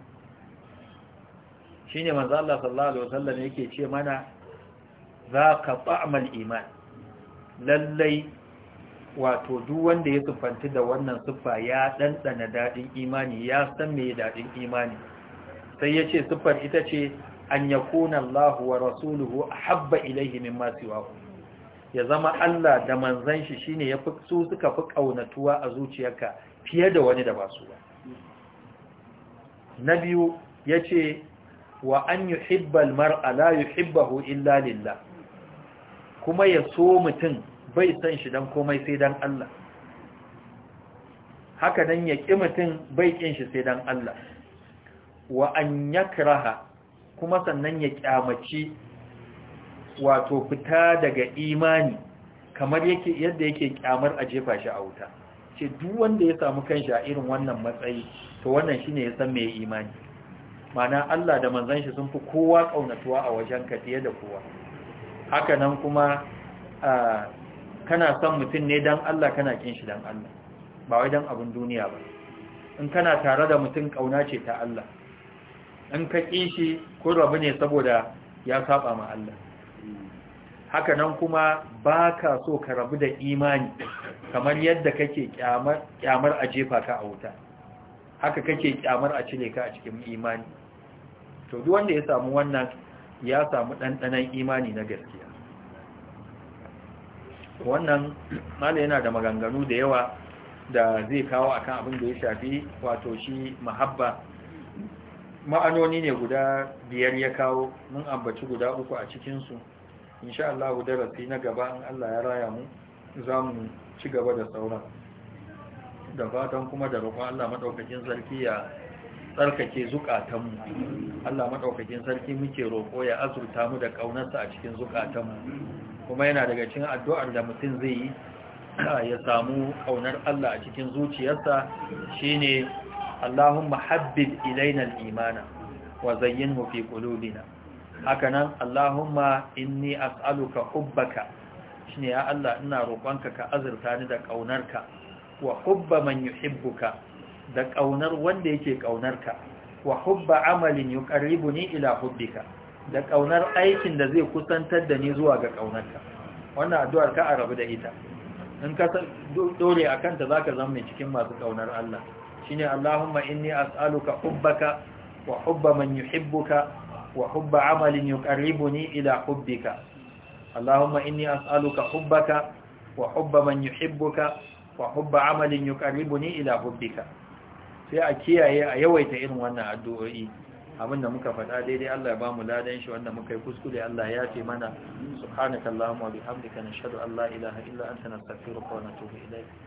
shine manzo Allah sallallahu alaihi wasallam yake ce mana za ka ta'mal iman lallai wato duk wanda ya sufanti da wannan siffa ya ɗanɗana daɗin imani ya san mai daɗin imani sai ya ce siffar ita ce an ya kuna Allah wa rasuluhu a habba ilaihi min masu ya zama Allah da manzan shi shine ya su suka fi ƙaunatuwa a zuciyarka fiye da wani da ba su ba na biyu ya ce wa an yi hibbal mar'a la yi illa lillah kuma ya so mutum bai san shi dan komai sai dan Allah haka ya ƙi mutum bai ƙin shi sai dan Allah wa an yakraha kuma sannan ya kyamaci wato fita daga imani kamar yake yadda yake kyamar a jefa shi a wuta ce duk wanda ya samu kanshi a irin wannan matsayi to wannan shine ya san mai imani mana Allah da manzon shi sun fi kowa ƙaunatuwa a wajen ka da kowa haka nan kuma ah, kana son mutum ne don Allah kana kin shi don Allah ba wai don abin duniya ba in kana tare da mutum kauna ce ta Allah in ka kin shi ko rabu ne saboda ya saba ma Allah haka nan kuma ba ka so ka rabu da imani kamar yadda kake kyamar a jefa ka a wuta haka kake kyamar a cire ka a cikin imani to duk wanda ya samu wannan ya samu ɗanɗanon imani na gaskiya wannan Mali yana da maganganu da yawa da zai kawo akan abin da ya shafi wato shi mahabba ma'anoni ne guda biyar ya kawo mun ambaci guda uku a cikinsu insha Allah darasi na gaba in Allah ya raya mu za mu ci gaba da sauran da fatan kuma da roƙon Allah maɗaukakin sarki ya tsarkake zukatanmu Allah maɗaukakin sarki muke roƙo ya azurta mu da ƙaunarsa a cikin zukatanmu kuma yana daga cikin addu'ar da mutum zai yi ya samu ƙaunar Allah a cikin zuciyarsa shine Allahumma habbib ilaina al-imana wa zayyinhu fi qulubina hakanan Allahumma inni as'aluka hubbaka shine ya Allah ina roƙonka ka azurta ni da ƙaunarka wa hubba man yuhibbuka da ƙaunar wanda yake ƙaunarka wa hubba amalin yuqarribuni ila hubbika da ƙaunar aikin da zai kusantar da ni zuwa ga ƙaunarka wannan addu'ar ka a rabu da ita in ka dore a kanta za ka zama cikin masu ƙaunar Allah shi ne Allahumma inni as'aluka hubbaka wa hubba man yuhibbuka wa hubba amalin yuqarribuni ila hubbika Allahumma inni as'aluka hubbaka wa hubba man yuhibbuka wa hubba amalin yuqarribuni ila hubbika sai a kiyaye a yawaita irin wannan addu'o'i abinda muka faɗa daidai Allah ya bamu ladan shi wanda muka yi kuskure Allah ya fi mana subhanaka allahumma wa bihamdika nashhadu an la ilaha illa anta nastaghfiruka wa natubu ilayk